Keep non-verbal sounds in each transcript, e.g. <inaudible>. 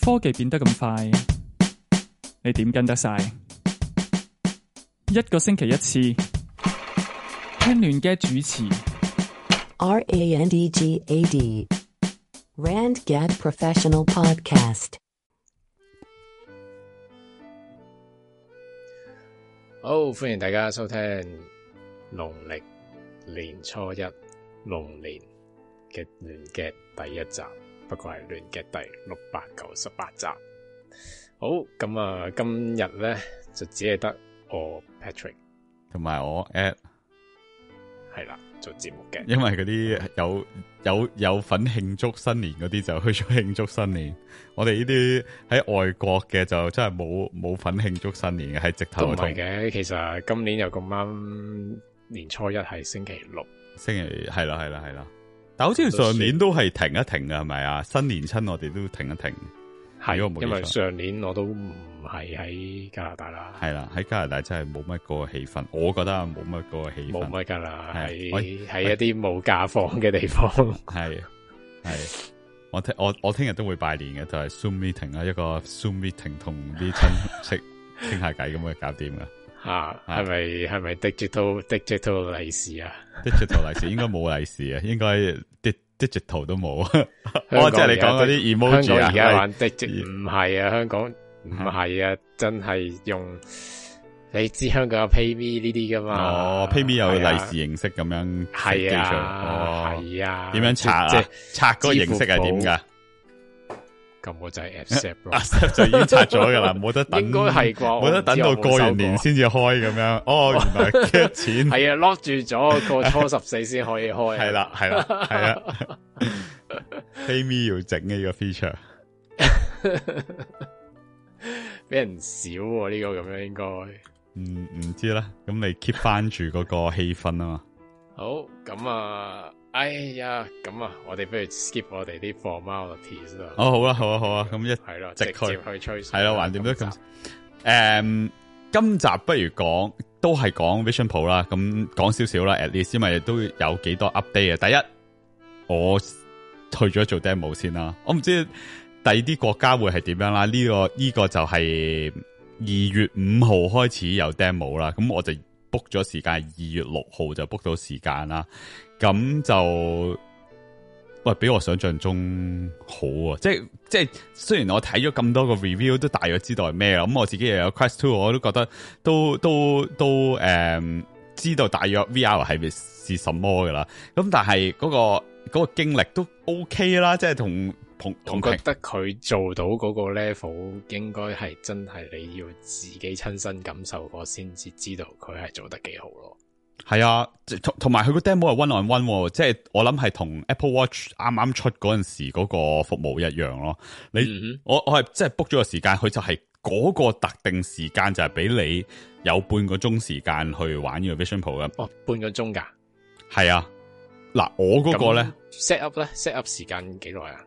科技變得咁快，你點跟得晒？一個星期一次，聽亂嘅主持。R A N D G A D Rand Gad Professional Podcast。好，歡迎大家收聽農曆年初一龍年嘅亂嘅第一集。不過係亂 gad 第六百九十八集好。好咁啊，今日咧就只係得我 Patrick 同埋我 At 係啦做節目嘅。因為嗰啲有、嗯、有有,有份慶祝新年嗰啲就去咗慶祝新年。我哋呢啲喺外國嘅就真係冇冇份慶祝新年嘅，喺直頭唔係嘅。其實今年又咁啱年初一係星期六，星期二係啦係啦係啦。但好似上年都係停一停嘅係咪啊？新年親我哋都停一停。係，因為上年我都唔係喺加拿大啦。係啦，喺加拿大真係冇乜個氣氛。我覺得冇乜個氣氛，冇乜噶啦，喺喺一啲冇假放嘅地方。係係，我聽我我聽日都會拜年嘅，就係、是、zoom meeting 啊，一個 zoom meeting 同啲親戚傾下偈咁嘅搞掂啦。啊，係咪係咪 digital digital 利是啊？digital 利是應該冇利是啊， <laughs> 應該 dig digital 都冇啊。我即係你講嗰啲 emoji 啊，香港而家、 <laughs> 哦、玩 digital 唔係啊，香港唔係啊，真係用你知香港有 pay me 呢啲噶嘛？哦，pay me 有利是形式咁樣，係啊，係、哦、啊，點、嗯啊啊啊、樣拆、啊？即係拆個形式係點噶？咁我就 accept 就已經拆咗噶啦，冇 <laughs> 得等，應該係冇得等到過完年先至開咁樣。不有有哦，唔 <laughs> 係、哦，原來錢係 <laughs> 啊，lock 住咗個初十四先可以開、啊 <laughs> 是啊。係啦、啊，係啦、啊，係啊 <laughs> 係咪要整呢一個 feature，俾 <laughs> <laughs> 人少呢、啊這個咁樣應該，唔、嗯、唔知啦。咁你 keep 翻住嗰個氣氛啊嘛。好，咁啊。哎呀，咁啊，我哋不如 skip 我哋啲 formalities 啦。哦，好啊，好啊，好啊，咁一係咯，直接去吹水，係啦橫掂都咁。誒、嗯，今集不如講都係講 Vision Pro 啦，咁講少少啦。誒，At least 咪亦都有幾多 update 啊？第一，我退咗做 demo 先啦。我唔知第二啲國家會係點樣啦。呢、這個呢、這個就係二月五號開始有 demo 啦。咁我就 book 咗時間，二月六號就 book 到時間啦。咁就喂，比我想象中好啊！即係即係，雖然我睇咗咁多個 review，都大約知道係咩啦。咁我自己又有 quest two，我都覺得都都都誒，um, 知道大約 VR 係咪，是什麼噶啦。咁但係嗰個嗰個經歷都 OK 啦，即係同同同覺得佢做到嗰個 level，應該係真係你要自己親身感受過先至知道佢係做得幾好咯。係啊，同埋佢個 demo 係 one on one，即、哦、係、就是、我諗係同 Apple Watch 啱啱出嗰陣時嗰個服務一樣咯、哦。你、嗯、我我係即係 book 咗個時間，佢就係嗰個特定時間就係俾你有半個鐘時間去玩呢個 Vision Pro 㗎。哦，半個鐘噶？係啊，嗱、啊，我嗰個咧 set up 咧 set up 時間幾耐啊？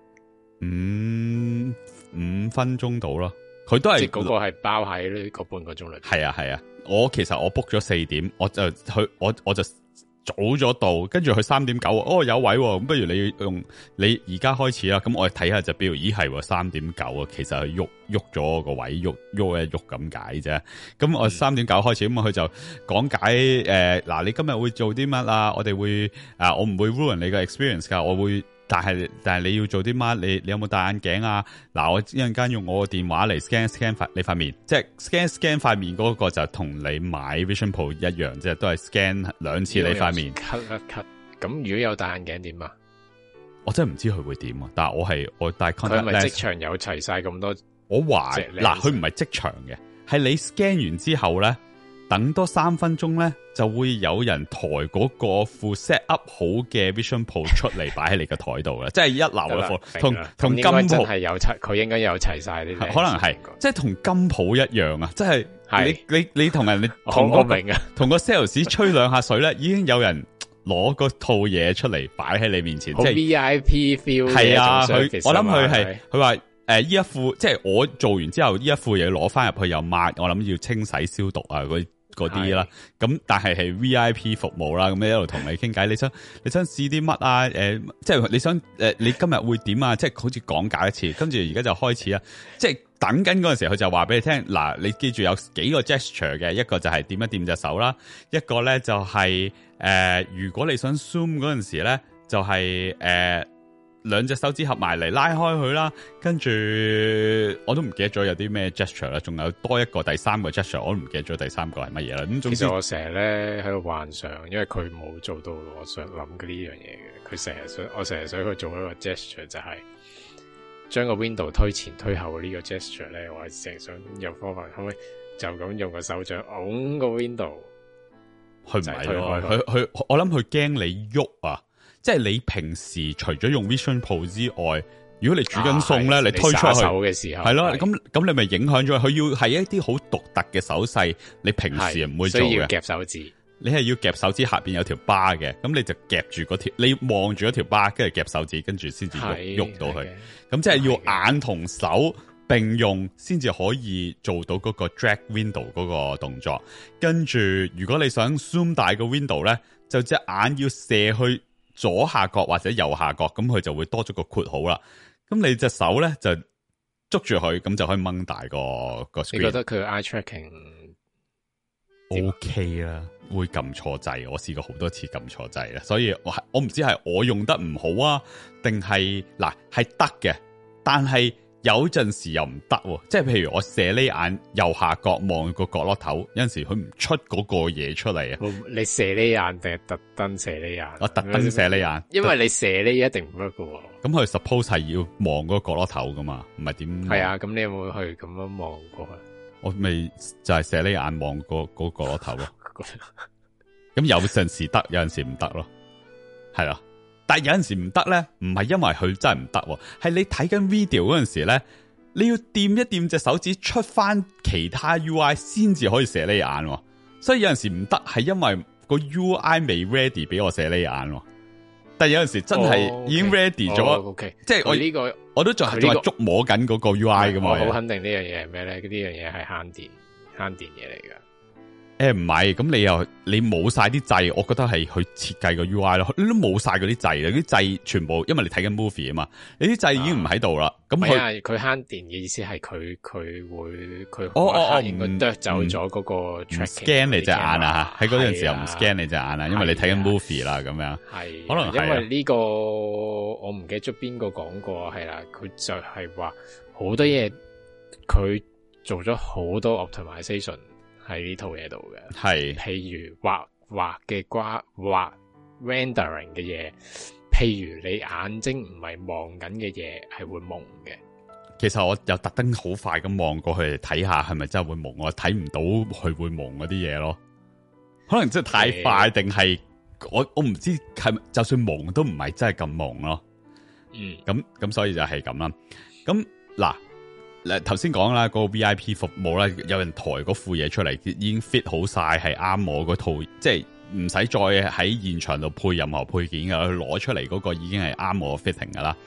五、嗯、五分鐘到咯，佢都係嗰個係包喺呢個半個鐘內。係啊，係啊。我其實我 book 咗四點，我就去我我就早咗到，跟住佢三點九，哦，哦有位咁，不如你用你而家開始啦，咁我睇下隻表，咦係喎三點九啊，其實係喐喐咗個位喐喐一喐咁解啫，咁我三點九開始，咁啊佢就講解誒，嗱、呃、你今日會做啲乜啊？我哋會啊，我唔會 ruin 你嘅 experience 噶，我會。但係但係你要做啲乜？你你有冇戴眼鏡啊？嗱，我一陣間用我個電話嚟 scan scan 塊你塊面，即係 scan scan 塊面嗰個就同你買 Vision Pro 一樣，即係都係 scan 兩次你塊面。cut cut 咁如果有戴眼鏡點啊？我真係唔知佢會點啊！但係我係我戴 contact lens。佢係咪即場有齊晒咁多？我話嗱，佢唔係即場嘅，係你 scan 完之後咧。等多三分鐘咧，就會有人抬嗰個副 set up 好嘅 Vision Pro 出嚟，擺喺你嘅台度啦即係一樓嘅貨。同同金鋪係有齊，佢應該有齊晒啲可能係，即係同金鋪一樣啊！即係，係你你你,你,你同人你， <laughs> 我明啊，同個 sales 吹兩下水咧，已經有人攞個套嘢 <laughs> 出嚟擺喺你面前，即係 V I P feel。係啊，佢我諗佢係佢話誒，依、呃、一副即係我做完之後，依 <laughs> 一副嘢攞翻入去又抹， <laughs> 我諗要清洗消毒啊，嗰啲啦，咁但係係 V I P 服務啦，咁一路同你傾偈，你想你想試啲乜啊？誒，即係你想誒，你今日會點啊？即係好似講解一次，跟住而家就開始啦。即係等緊嗰陣時候，佢就話俾你聽，嗱，你記住有幾個 gesture 嘅，一個就係掂一掂隻手啦，一個咧就係、是、誒、呃，如果你想 zoom 嗰陣時咧，就係、是、誒。呃兩隻手指合埋嚟，拉開佢啦，跟住我都唔記得咗有啲咩 gesture 啦，仲有多一個第三個 gesture，我都唔記得咗第三個係乜嘢啦。咁總之，其實我成日咧喺度幻想，因為佢冇做到我想諗嘅呢樣嘢嘅，佢成日想，我成日想佢做一個 gesture 就係將個 window 推前推後呢個 gesture 咧，我成日想有方法可唔可以就咁用個手掌拱個 window 去唔係，推開佢，佢我諗佢驚你喐啊。即係你平時除咗用 Vision Pro 之外，如果你煮緊餸咧，你推出去嘅時候係咯，咁咁你咪影響咗佢，要係一啲好獨特嘅手勢。你平時唔會做嘅，要夾手指。你係要夾手指下邊有條疤嘅，咁你就夾住嗰條，你望住嗰條疤，跟住夾手指，跟住先至喐到佢。咁即係要眼同手並用，先至可以做到嗰個 Drag Window 嗰個動作。跟住如果你想 Zoom 大個 Window 咧，就隻眼要射去。左下角或者右下角，咁佢就會多咗個括號啦。咁你隻手咧就捉住佢，咁就可以掹大個個 screen。你覺得佢 eye tracking OK 啦？會撳錯掣，我試過好多次撳錯掣啦，所以我我唔知係我用得唔好啊，定係嗱係得嘅，但係。有陣時又唔得，即係譬如我射呢眼右下角望個角落頭，有陣時佢唔出嗰個嘢出嚟啊！你射呢眼定係特登射呢眼？我特登射呢眼，因為你射呢一定唔得噶。咁佢 suppose 係要望嗰個角落頭噶嘛？唔係點？係啊，咁你有冇去咁樣望過去？我咪就係射呢眼望個角落頭咯。咁有陣時得，有陣時唔得咯，係啊。但係有陣時唔得咧，唔係因為佢真係唔得，係你睇緊 video 嗰陣時咧，你要掂一掂隻手指出翻其他 UI 先至可以射呢眼，所以有陣時唔得係因為 UI、oh, okay. oh, okay. 這個這個、個 UI 未 ready 俾我射呢眼，但係有陣時真係已經 ready 咗，即係我呢個我都仲係你話捉摸緊嗰個 UI 噶嘛，我好肯定呢樣嘢係咩咧？呢樣嘢係慳電慳電嘢嚟噶。誒、欸，唔係，咁你又你冇晒啲掣，我覺得係去設計個 UI 咯，你都冇晒嗰啲掣，嗰啲掣全部，因為你睇緊 movie 啊嘛，你啲掣已經唔喺度啦。咁佢佢慳電嘅意思係佢佢會佢哦、哦、原來走咗嗰個 scan 你隻眼啊，喺嗰陣時候唔 scan 你隻眼啦，因為你睇緊 movie 啦，咁、啊、樣。係、啊，可能因為呢、這個我唔記得咗邊個講過，係啦、啊，佢就係話好多嘢，佢、嗯、做咗好多 optimization。喺呢套嘢度嘅，係譬如畫畫嘅瓜，畫 rendering 嘅嘢，譬如你眼睛唔係望緊嘅嘢，係會蒙嘅。其實我又特登好快咁望過去睇下，係咪真係會蒙？我睇唔到佢會蒙嗰啲嘢咯。可能真係太快，定係我我唔知。係就算蒙都唔係真係咁蒙咯。嗯，咁咁所以就係咁啦。咁嗱。嗱，頭先講啦，個 V.I.P 服務啦，有人抬嗰副嘢出嚟，已經 fit 好晒，係啱我嗰套，即係唔使再喺現場度配任何配件噶。佢攞出嚟嗰個已經係啱我 fitting 噶啦。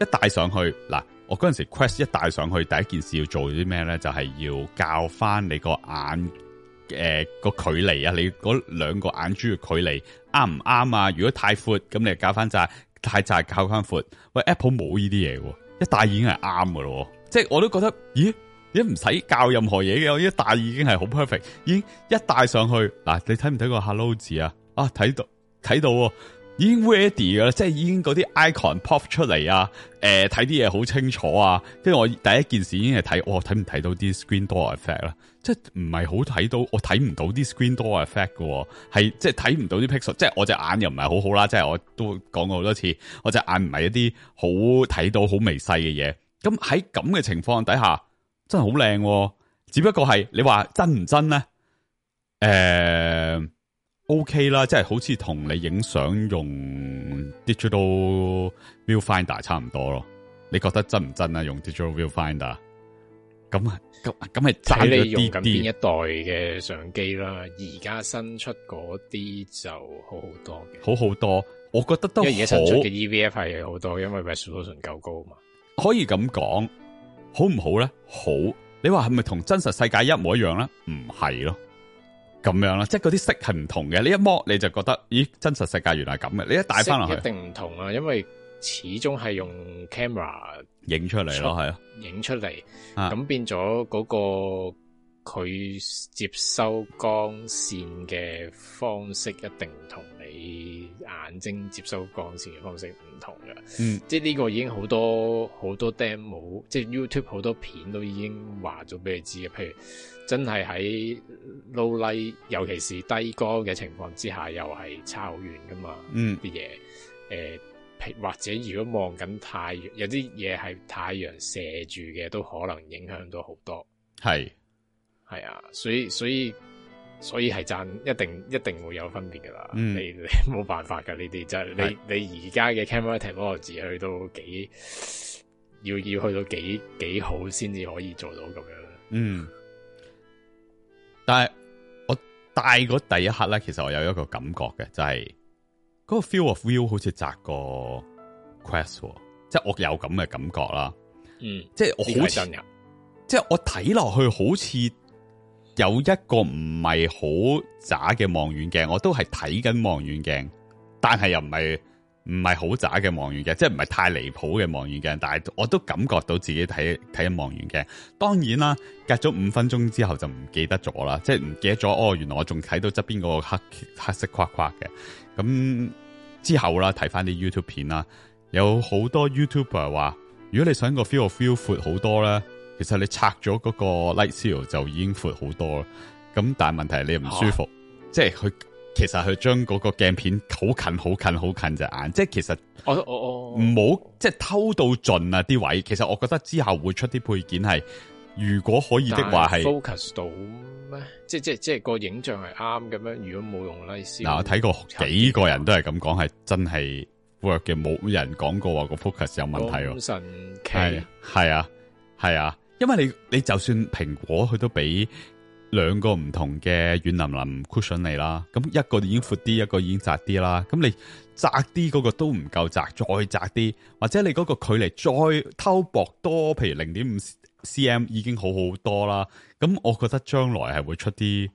一戴上去嗱，我嗰陣時 Quest 一戴上去，第一件事要做啲咩咧？就係、是、要校翻你個眼誒個、呃、距離啊，你嗰兩個眼珠嘅距離啱唔啱啊？如果太闊，咁你校翻窄，太窄校翻闊。喂，Apple 冇呢啲嘢，一戴已經係啱噶咯。即係我都覺得，咦，你唔使教任何嘢嘅，我一戴已經係好 perfect，已經一戴上去嗱、啊，你睇唔睇個 hello 字啊？啊，睇到睇到，已經 ready 噶啦，即係已經嗰啲 icon pop 出嚟啊，誒、呃，睇啲嘢好清楚啊。跟住我第一件事已經係睇，哦，我睇唔睇到啲 screen door effect 啦、啊？即係唔係好睇到，我睇唔到啲 screen door effect 噶、啊，係即係睇唔到啲 pixel，即係我隻眼又唔係好好啦，即係我都講過好多次，我隻眼唔係一啲好睇到好微細嘅嘢。咁喺咁嘅情況底下，真係好靚，只不過係你話真唔真咧？誒，O K 啦，即係好似同你影相用 digital viewfinder 差唔多咯。你覺得真唔真啊？用 digital viewfinder？咁啊，咁咁係差咗啲。睇你用緊邊一代嘅相機啦，而家新出嗰啲就好好多，好好多。我覺得都好。而家新出嘅 E V F 係好多，因為 resolution 夠高嘛。可以咁講，好唔好咧？好，你話係咪同真實世界一模一樣咧？唔係咯，咁樣啦，即係嗰啲色係唔同嘅。你一摸你就覺得，咦，真實世界原來係咁嘅。你一戴翻落去，一定唔同啊，因為始終係用 camera 影出嚟咯，係啊，影出嚟，咁變咗嗰個佢接收光綫嘅方式一定唔同。係眼睛接收光線嘅方式唔同嘅，嗯，即係呢個已經好多好多 demo，即係 YouTube 好多片都已經話咗俾你知嘅，譬如真係喺 low light，尤其是低光嘅情況之下，又係差好遠噶嘛，嗯，啲嘢，誒，或者如果望緊太陽，有啲嘢係太陽射住嘅，都可能影響到好多，係，係啊，所以所以。所以係賺一定一定會有分別噶啦，你你冇辦法噶呢啲真係，你你而家嘅 cameratic 文字去到幾，要要去到幾幾好先至可以做到咁樣。嗯，但係我大個第一刻咧，其實我有一個感覺嘅，就係、是、嗰個 feel of v i e w 好似扎個 quest，即係我有咁嘅感覺啦。嗯，即係我好似，即係我睇落去好似。有一個唔係好渣嘅望遠鏡，我都係睇緊望遠鏡，但係又唔係唔係好渣嘅望遠鏡，即係唔係太離譜嘅望遠鏡，但係我都感覺到自己睇睇緊望遠鏡。當然啦，隔咗五分鐘之後就唔記得咗啦，即係唔記得咗。哦，原來我仲睇到側邊嗰個黑黑色框框嘅。咁之後啦，睇翻啲 YouTube 片啦，有好多 YouTuber 話，如果你想個 feel feel 闊好多啦其實你拆咗嗰個 light seal 就已經闊好多啦，咁但係問題係你又唔舒服，啊、即係佢其實佢將嗰個鏡片好近好近好近隻眼，即係其實我我我唔好即係偷到盡啊啲位。其實我覺得之後會出啲配件係，如果可以的話係 focus 到咩？即係即係即係個影像係啱咁樣。如果冇用 light seal，呃、我睇過幾個人都係咁講，係真係 work 嘅，冇人講過話個 focus 有問題喎。係係啊係啊。因為你你就算蘋果佢都俾兩個唔同嘅軟腍腍 cushion 你啦，咁一個已經闊啲，一個已經窄啲啦。咁你窄啲嗰個都唔夠窄，再窄啲，或者你嗰個距離再偷薄多，譬如零點五 cm 已經好好多啦。咁我覺得將來係會出啲。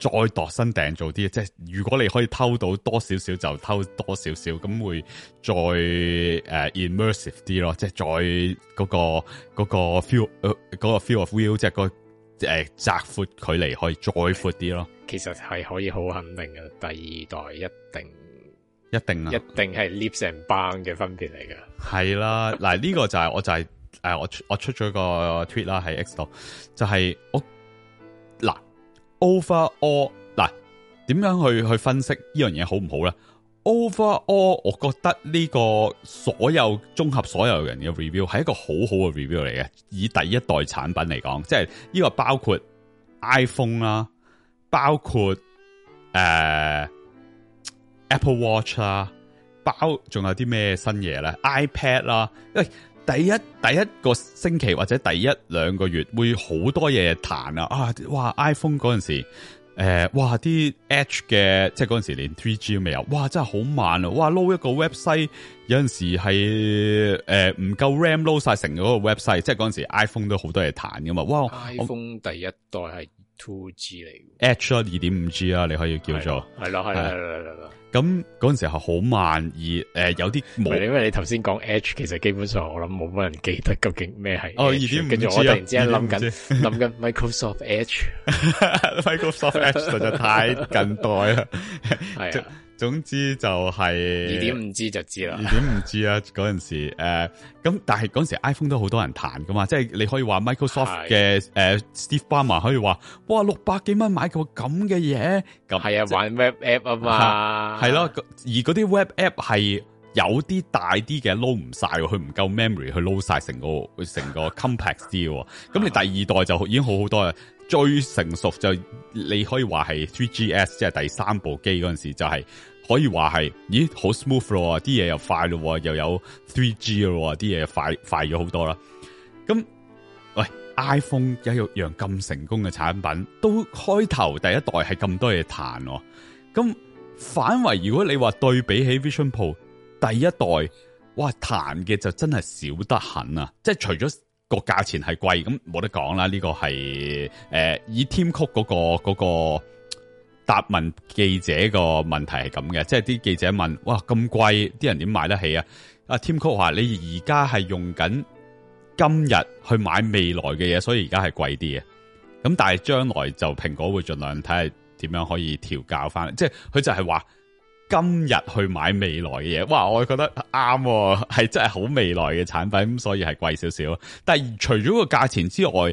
再度身訂做啲，即係如果你可以偷到多少少，就偷多少少，咁會再誒、uh, immersive 啲咯，即係再嗰、那個嗰、那個、feel，嗰、uh, field of view，即係、那個誒、uh, 窄闊距離可以再闊啲咯。其實係可以好肯定嘅，第二代一定一定啊，一定係 leaps and bounds 嘅分別嚟嘅。係啦、啊，嗱 <laughs> 呢、這個就係我就係、是、我、uh, 我出咗個 tweet 啦，喺 X 度就係、是、我。哦。Over all 嗱，點樣去去分析好好呢樣嘢好唔好咧？Over all，我覺得呢個所有綜合所有人嘅 review 係一個好好嘅 review 嚟嘅。以第一代產品嚟講，即係呢個包括 iPhone 啦，包括誒、呃、Apple Watch 啦，包仲有啲咩新嘢咧？iPad 啦，因為第一第一個星期或者第一兩個月會好多嘢彈啊！啊，哇 iPhone 嗰陣時誒、呃，哇啲 Edge 嘅，即係嗰陣時連 3G 都未有，哇真係好慢啊！哇撈一個 website 有陣時係誒唔夠 RAM 撈晒成個 website，即係嗰陣時 iPhone 都好多嘢彈噶嘛！哇，iPhone 第一代係。2G 嚟，Edge 二點五 G 啊，你可以叫做係啦，係啦，係啦，係啦。咁嗰陣時候好慢，而誒有啲唔係，因為你頭先講 Edge，其實基本上我諗冇乜人記得究竟咩係。哦，二點五 G 啊！跟住我突然之間諗緊諗緊 Microsoft Edge，Microsoft Edge 實在太近代啦，係啊。總之就係二點五 G 就知啦、 <laughs> 啊，二點五 G 啊嗰陣時誒，咁、呃、但係嗰陣時 iPhone 都好多人彈噶嘛，即、就、係、是、你可以話 Microsoft 嘅誒、呃、Steve Ballmer 可以話，哇六百幾蚊買個咁嘅嘢，係啊玩 Web App 啊嘛，係、啊、咯，而嗰啲 Web App 係有啲大啲嘅，撈唔晒，佢唔夠 memory 去撈晒成個成個 complex 嘅，咁你第二代就已經好好多啦，最成熟就是你可以話係 3GS 即係第三部機嗰陣時就係、是。可以話係，咦，好 smooth 咯，啲嘢又快咯，又有 3G 咯，啲嘢快快咗好多啦。咁，喂，iPhone 有一樣咁成功嘅產品，都開頭第一代係咁多嘢彈、啊。咁反為如果你話對比起 Vision Pro 第一代，哇，彈嘅就真係少得很啊！即、就、係、是、除咗個價錢係貴，咁冇得講啦。呢、這個係誒、呃、以 Tim Cook 嗰個嗰個。那個答問記者個問題係咁嘅，即係啲記者問：哇，咁貴，啲人點買得起啊？阿 Tim Cook 話：你而家係用緊今日去買未來嘅嘢，所以而家係貴啲嘅。咁但係將來就蘋果會盡量睇下點樣可以調校翻。即係佢就係話今日去買未來嘅嘢。哇！我覺得啱、啊，係真係好未來嘅產品，咁所以係貴少少。但係除咗個價錢之外，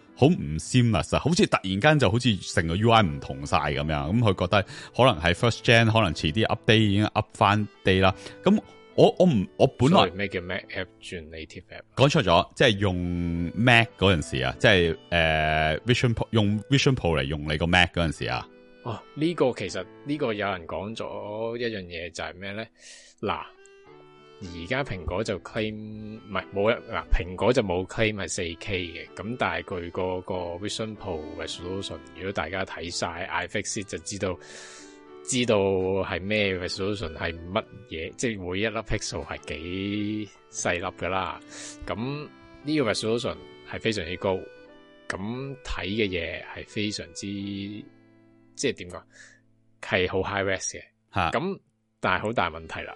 Seemless，好唔 smooth 啊，好似突然間就好似成個 U I 唔同晒咁樣，咁佢覺得可能係 First Gen，可能遲啲 update 已經 update 翻低啦。咁我我唔我本來咩叫 Mac App 轉 Native App？講錯咗，即係用 Mac 嗰陣時啊，即係誒、呃、Vision Pro 用 Vision Pro 嚟用你個 Mac 嗰陣時啊。哦，呢個其實呢、呢個有人講咗一樣嘢就係咩咧？嗱。而家蘋果就 claim 唔係冇一嗱蘋果就冇 claim 係四 K 嘅，咁但係佢、個 Vision Pro、嘅 resolution，如果大家睇晒 iFixit 就知道知道係咩 resolution 係乜嘢，即係每一粒 pixel 係幾細粒噶啦。咁呢個 resolution 係非，非常之高，咁睇嘅嘢係非常之即係點講係好 high res 嘅嚇。咁、huh. 但係好大問題啦。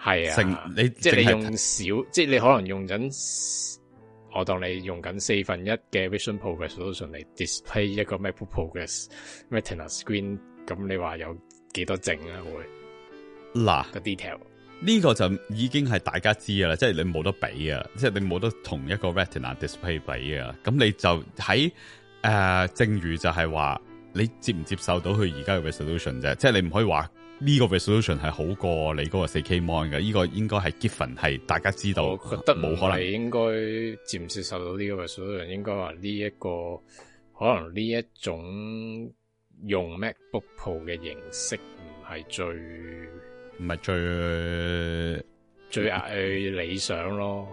係啊，你即係你用少，即係你可能用緊，我當你用緊四分一嘅 Vision Pro resolution 嚟 display 一個 MacBook Pro 嘅 retina screen，咁你話有幾多淨啊？會嗱個 detail 呢個就已經係大家知噶啦，即係你冇得比啊，即係你冇得同一個 retina display 比啊，咁你就喺誒、呃，正如就係話你接唔接受到佢而家嘅 resolution 啫，即係你唔可以話。呢、這個 resolution 係好過你嗰個四 K mon 嘅，呢、這個應該係 given，係大家知道，我覺得冇可能應該接唔接受到呢個 resolution。應該話呢一個可能呢一種用 MacBook Pro 嘅形式唔係最唔係最最壓理想咯。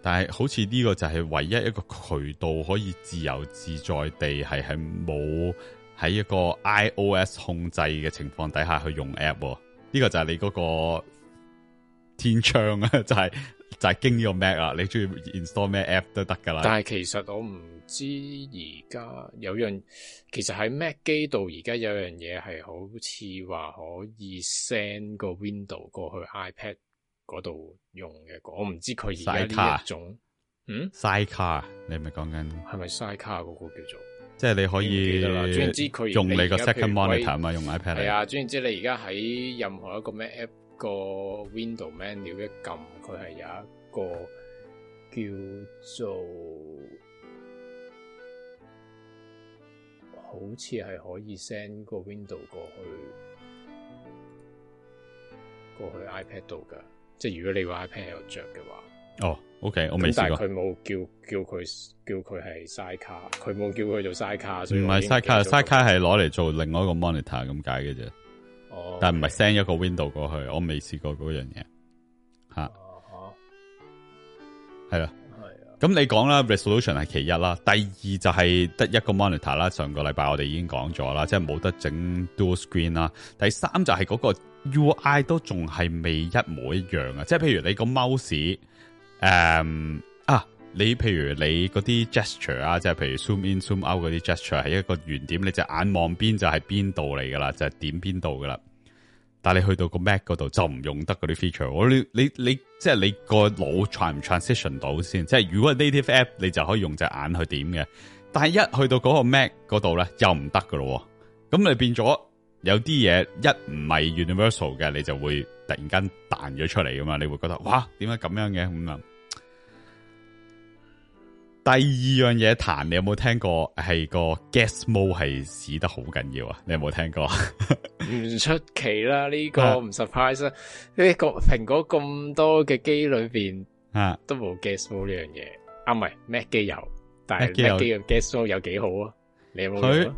但係好似呢個就係唯一一個渠道可以自由自在地係係冇。是是喺一個 iOS 控制嘅情況底下去用 app，呢、哦呢個就係你嗰個天窗啊，就係、是、就係、是、經呢個 Mac 啊，你中意 install 咩 app 都得噶啦。但係其實我唔知而家有樣，其實喺 Mac 機度而家有樣嘢係好似話可以 send 個 window 過去 iPad 嗰度用嘅，我唔知佢而家呢一種，卡嗯，Sidecar，你係咪講緊係咪 Sidecar 嗰個叫做？即係你可以、嗯、用你個 second monitor 啊嘛，用 iPad 嚟。係啊，總之你而家喺任何一個咩 app 個 window menu 一撳佢係有一個叫做，好似係可以 send 個 window 過去，過去 iPad 度噶。即係如果你個 iPad 有着嘅話。哦、oh，OK，我未試過。但佢冇叫叫佢叫佢係 Sidecar，佢冇叫佢做 Sidecar，所以唔係 Sidecar。Sidecar 係攞嚟做另外一個 monitor 咁解嘅啫。哦、oh, okay.，但係唔係 send 一個 window 過去，我未試過嗰樣嘢吓。哦，係啦，係啊。咁、啊啊、你講啦，resolution 係其一啦，第二就係得一個 monitor 啦。上個禮拜我哋已經講咗啦，mm -hmm. 即係冇得整 Dual Screen 啦。第三就係嗰、那個 UI 都仲係未一模一樣啊，mm -hmm. 即係譬如你個 mouse。誒、um, 啊，你譬如你嗰啲 gesture 啊，即係譬如 zoom in zoom out 嗰啲 gesture，係一個圓點，你隻眼望邊就係邊度嚟噶啦，就係點邊度噶啦。但係你去到個 Mac 嗰度就唔用得嗰啲 feature。我你你，你即係你個腦 trans 唔 transition 到先。即係如果 native app 你就可以用隻眼去點嘅，但係一去到嗰個 Mac 嗰度咧又唔得噶咯。咁你變咗。有啲嘢一唔係 universal 嘅，你就會突然間彈咗出嚟噶嘛。你會覺得哇，點解咁樣嘅咁啊？第二樣嘢彈，你有冇聽過係個 gas mode 係使得好緊要啊？你有冇聽過？唔出奇啦，呢個唔 surprise 啊！呢個蘋果咁多嘅機裏邊啊，都冇 gas mode 呢樣嘢。啊，唔係咩機油，但係咩機 gas mode 有幾好啊？你有冇？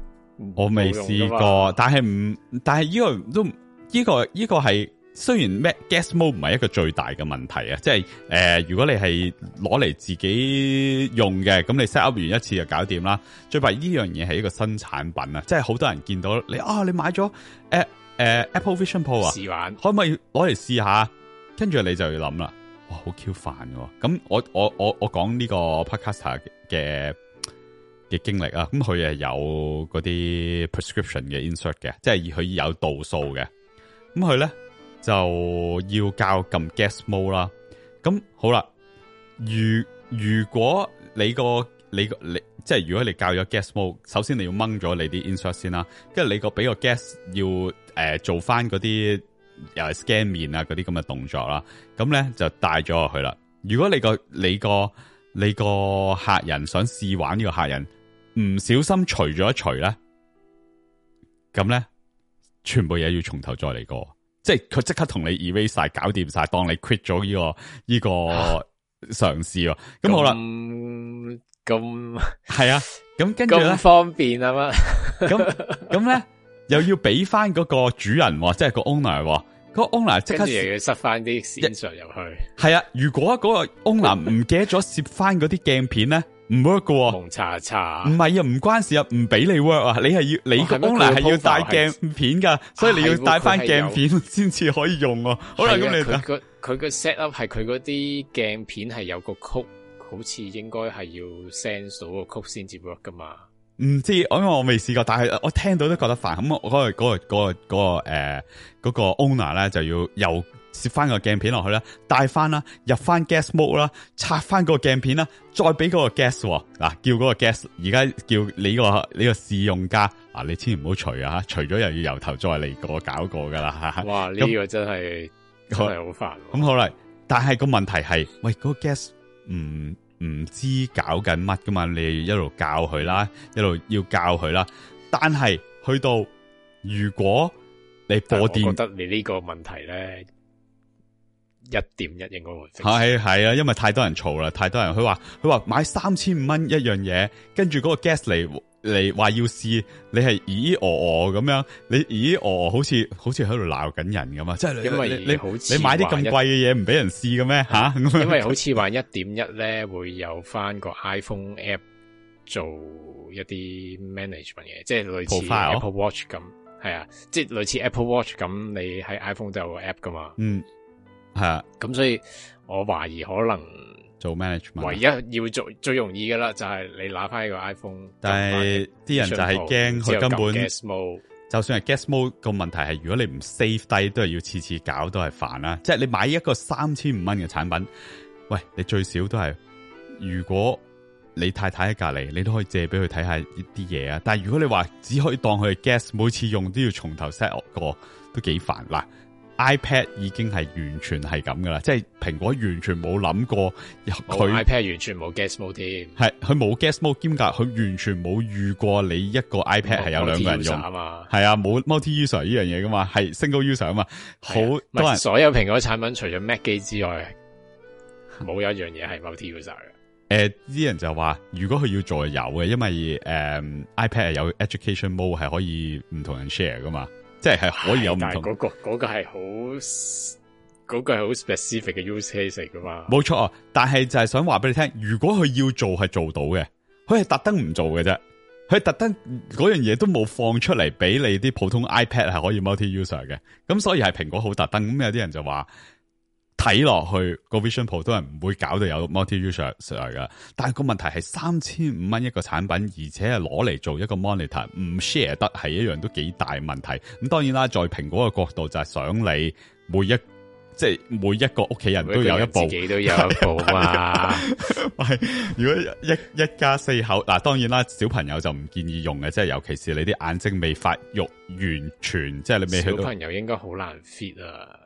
我未試過，但係唔，但係呢個都呢、這個呢、這個係雖然咩 gas mode 唔係一個最大嘅問題啊，即係誒，如果你係攞嚟自己用嘅，咁你 set up 完一次就搞掂啦。最弊呢樣嘢係一個新產品啊，即係好多人見到你啊、哦，你買咗誒誒 Apple Vision Pro 啊，試玩可唔可以攞嚟試下？跟住你就要諗啦，哇，好 Q 煩喎！咁我我我我講呢個 podcast 嘅。嘅經歷啊，咁佢誒有嗰啲 prescription 嘅 insert 嘅，即係佢有度數嘅。咁佢咧就要教撳 guest mode 啦。咁好啦，如如果你個你個你，即係、就是、如果你教咗 guest mode，首先你要掹咗你啲 insert 先啦。跟住你個俾個 guest 要誒、呃、做翻嗰啲又係 scan 面啊嗰啲咁嘅動作啦。咁咧就帶咗落去啦。如果你個你個你個，你個客人想試玩呢個客人。唔小心除咗一除咧，咁咧，全部嘢要從頭再嚟過，即係佢即刻同你 erase 晒，搞掂晒，當你 quit 咗呢、呢個呢個嘗試喎。咁好啦，咁係啊，咁、啊、跟住咧方便啊嘛。咁咁咧，又要俾翻嗰個主人，即係個 owner，個 owner 即刻塞要塞翻啲線上入去。係啊，如果嗰個 owner 唔記得咗攝翻嗰啲鏡片咧？ <laughs> 唔 work 嘅紅茶茶，唔係啊，唔關事啊，唔俾你 work 啊，你係要你個 owner 係要戴鏡片噶，所以你要戴翻鏡片先至可以用啊。係啊，佢個佢個 set up 係佢嗰啲鏡片係有個曲，好似應該係要 send 到個曲先至 work 噶嘛。唔知，因為我未試過，但係我聽到都覺得煩。咁我嗰個嗰個嗰個嗰個誒嗰個 owner 咧就要有。攝翻個鏡片落去啦，帶翻啦，入翻 guest mode 啦，拆翻個鏡片啦，再俾個 guest、啊、嗱叫個 guest 而家叫你、這個你個試用家，啊你千祈唔好除啊，除咗又要由頭再嚟過搞過噶啦吓。哇，呢、這個真係真係、啊、好煩。咁好啦，但係個問題係，喂、嗰個 guest 唔唔知搞緊乜噶嘛？你要一路教佢啦，一路要教佢啦。但係去到如果你播電，我覺得你呢個問題咧。一點一應該會係係啊， <music> 是是因為太多人嘈啦，太多人佢話佢話買三千五蚊一樣嘢，跟住嗰個 guest 嚟嚟話要試，你係咦哦哦咁樣，你咦哦哦好似好似喺度鬧緊人㗎嘛，即係因為你你買啲咁貴嘅嘢唔俾人試嘅咩吓？因為好似話一點一咧會有翻個 iPhone app 做一啲 management 嘅，即係類似 Apple Watch 咁，係、哦、啊，即係類似 Apple Watch 咁，你喺 iPhone 都有個 app 噶嘛，嗯。係啊，咁所以我懷疑可能做 management，唯一要做最容易嘅啦，就係你拿翻個 iPhone 但。但係啲人就係驚佢根本，gas 就算係 guest mode 個問題係，如果你唔 save 低，都係要次次搞都，都係煩啦。即係你買一個三千五蚊嘅產品，喂，你最少都係，如果你太太喺隔籬，你都可以借俾佢睇下呢啲嘢啊。但係如果你話只可以當佢係 guest，每次用都要從頭 set 過，都幾煩啦。iPad 已經係完全係咁噶啦，即係蘋果完全冇諗過佢 iPad 完全冇 guest mode 添，係佢冇 guest mode，兼格佢完全冇遇過你一個 iPad 係有兩個人用啊嘛，係啊冇 multi user 呢樣嘢噶嘛，係 single user 啊嘛，好、啊、所有蘋果產品除咗 Mac 機之外，冇一樣嘢係 multi user 嘅。誒、啊，啲人就話如果佢要再有嘅，因為誒、嗯、iPad 有 education mode 係可以唔同人 share 噶嘛。即係係可以有唔同但、嗰個，嗰、嗰個嗰、嗰個係好嗰個係好 specific 嘅 use case 嚟噶嘛？冇錯啊！但係就係想話俾你聽，如果佢要做係做到嘅，佢係特登唔做嘅啫，佢特登嗰樣嘢都冇放出嚟俾你啲普通 iPad 係可以 multi user 嘅，咁所以係蘋果好特登咁，有啲人就話。睇落去個 Vision Pro 都係唔會搞到有 multi user share 噶，但係個問題係三千五蚊一個產品，而且係攞嚟做一個 monitor 唔 share 得，係一樣都幾大問題。咁當然啦，在蘋果嘅角度就係想你每一即係、就是、每一個屋企人都有一部，一自己都有一部啊。喂，如果一一家四口嗱， <laughs> 當然啦，小朋友就唔建議用嘅，即係尤其是你啲眼睛未發育完全，即係你未去到小朋友應該好難 fit 啊。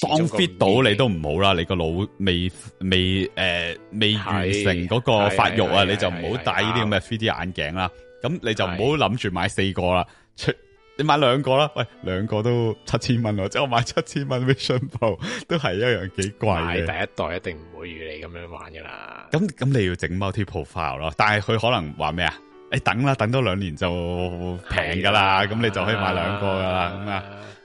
當 fit 到你都唔好啦，你個腦未未誒未完成嗰個發育啊，你就唔好戴呢啲咁嘅 3D 眼鏡啦。咁你就唔好諗住買四個啦，出你買兩個啦。喂，兩個都七千蚊，即係我買七千蚊 Vision Pro 都係一樣幾貴嘅。買第一代一定唔會如你咁樣玩噶啦。咁咁你要整 multi-profile 咯，但係佢可能話咩啊？你、欸、等啦，等多兩年就平噶啦，咁、啊、你就可以買兩個噶啦。咁啊。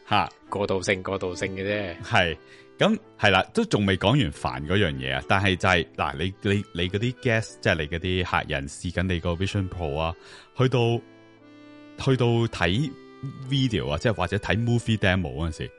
吓，過渡性過渡性嘅啫，係咁係啦，都仲未講完煩嗰樣嘢啊！但係就係、是、嗱，你你你嗰啲 guest 即係你嗰啲客人試緊你個 Vision Pro 啊，去到去到睇 video 啊，即係或者睇 movie demo 嗰陣時，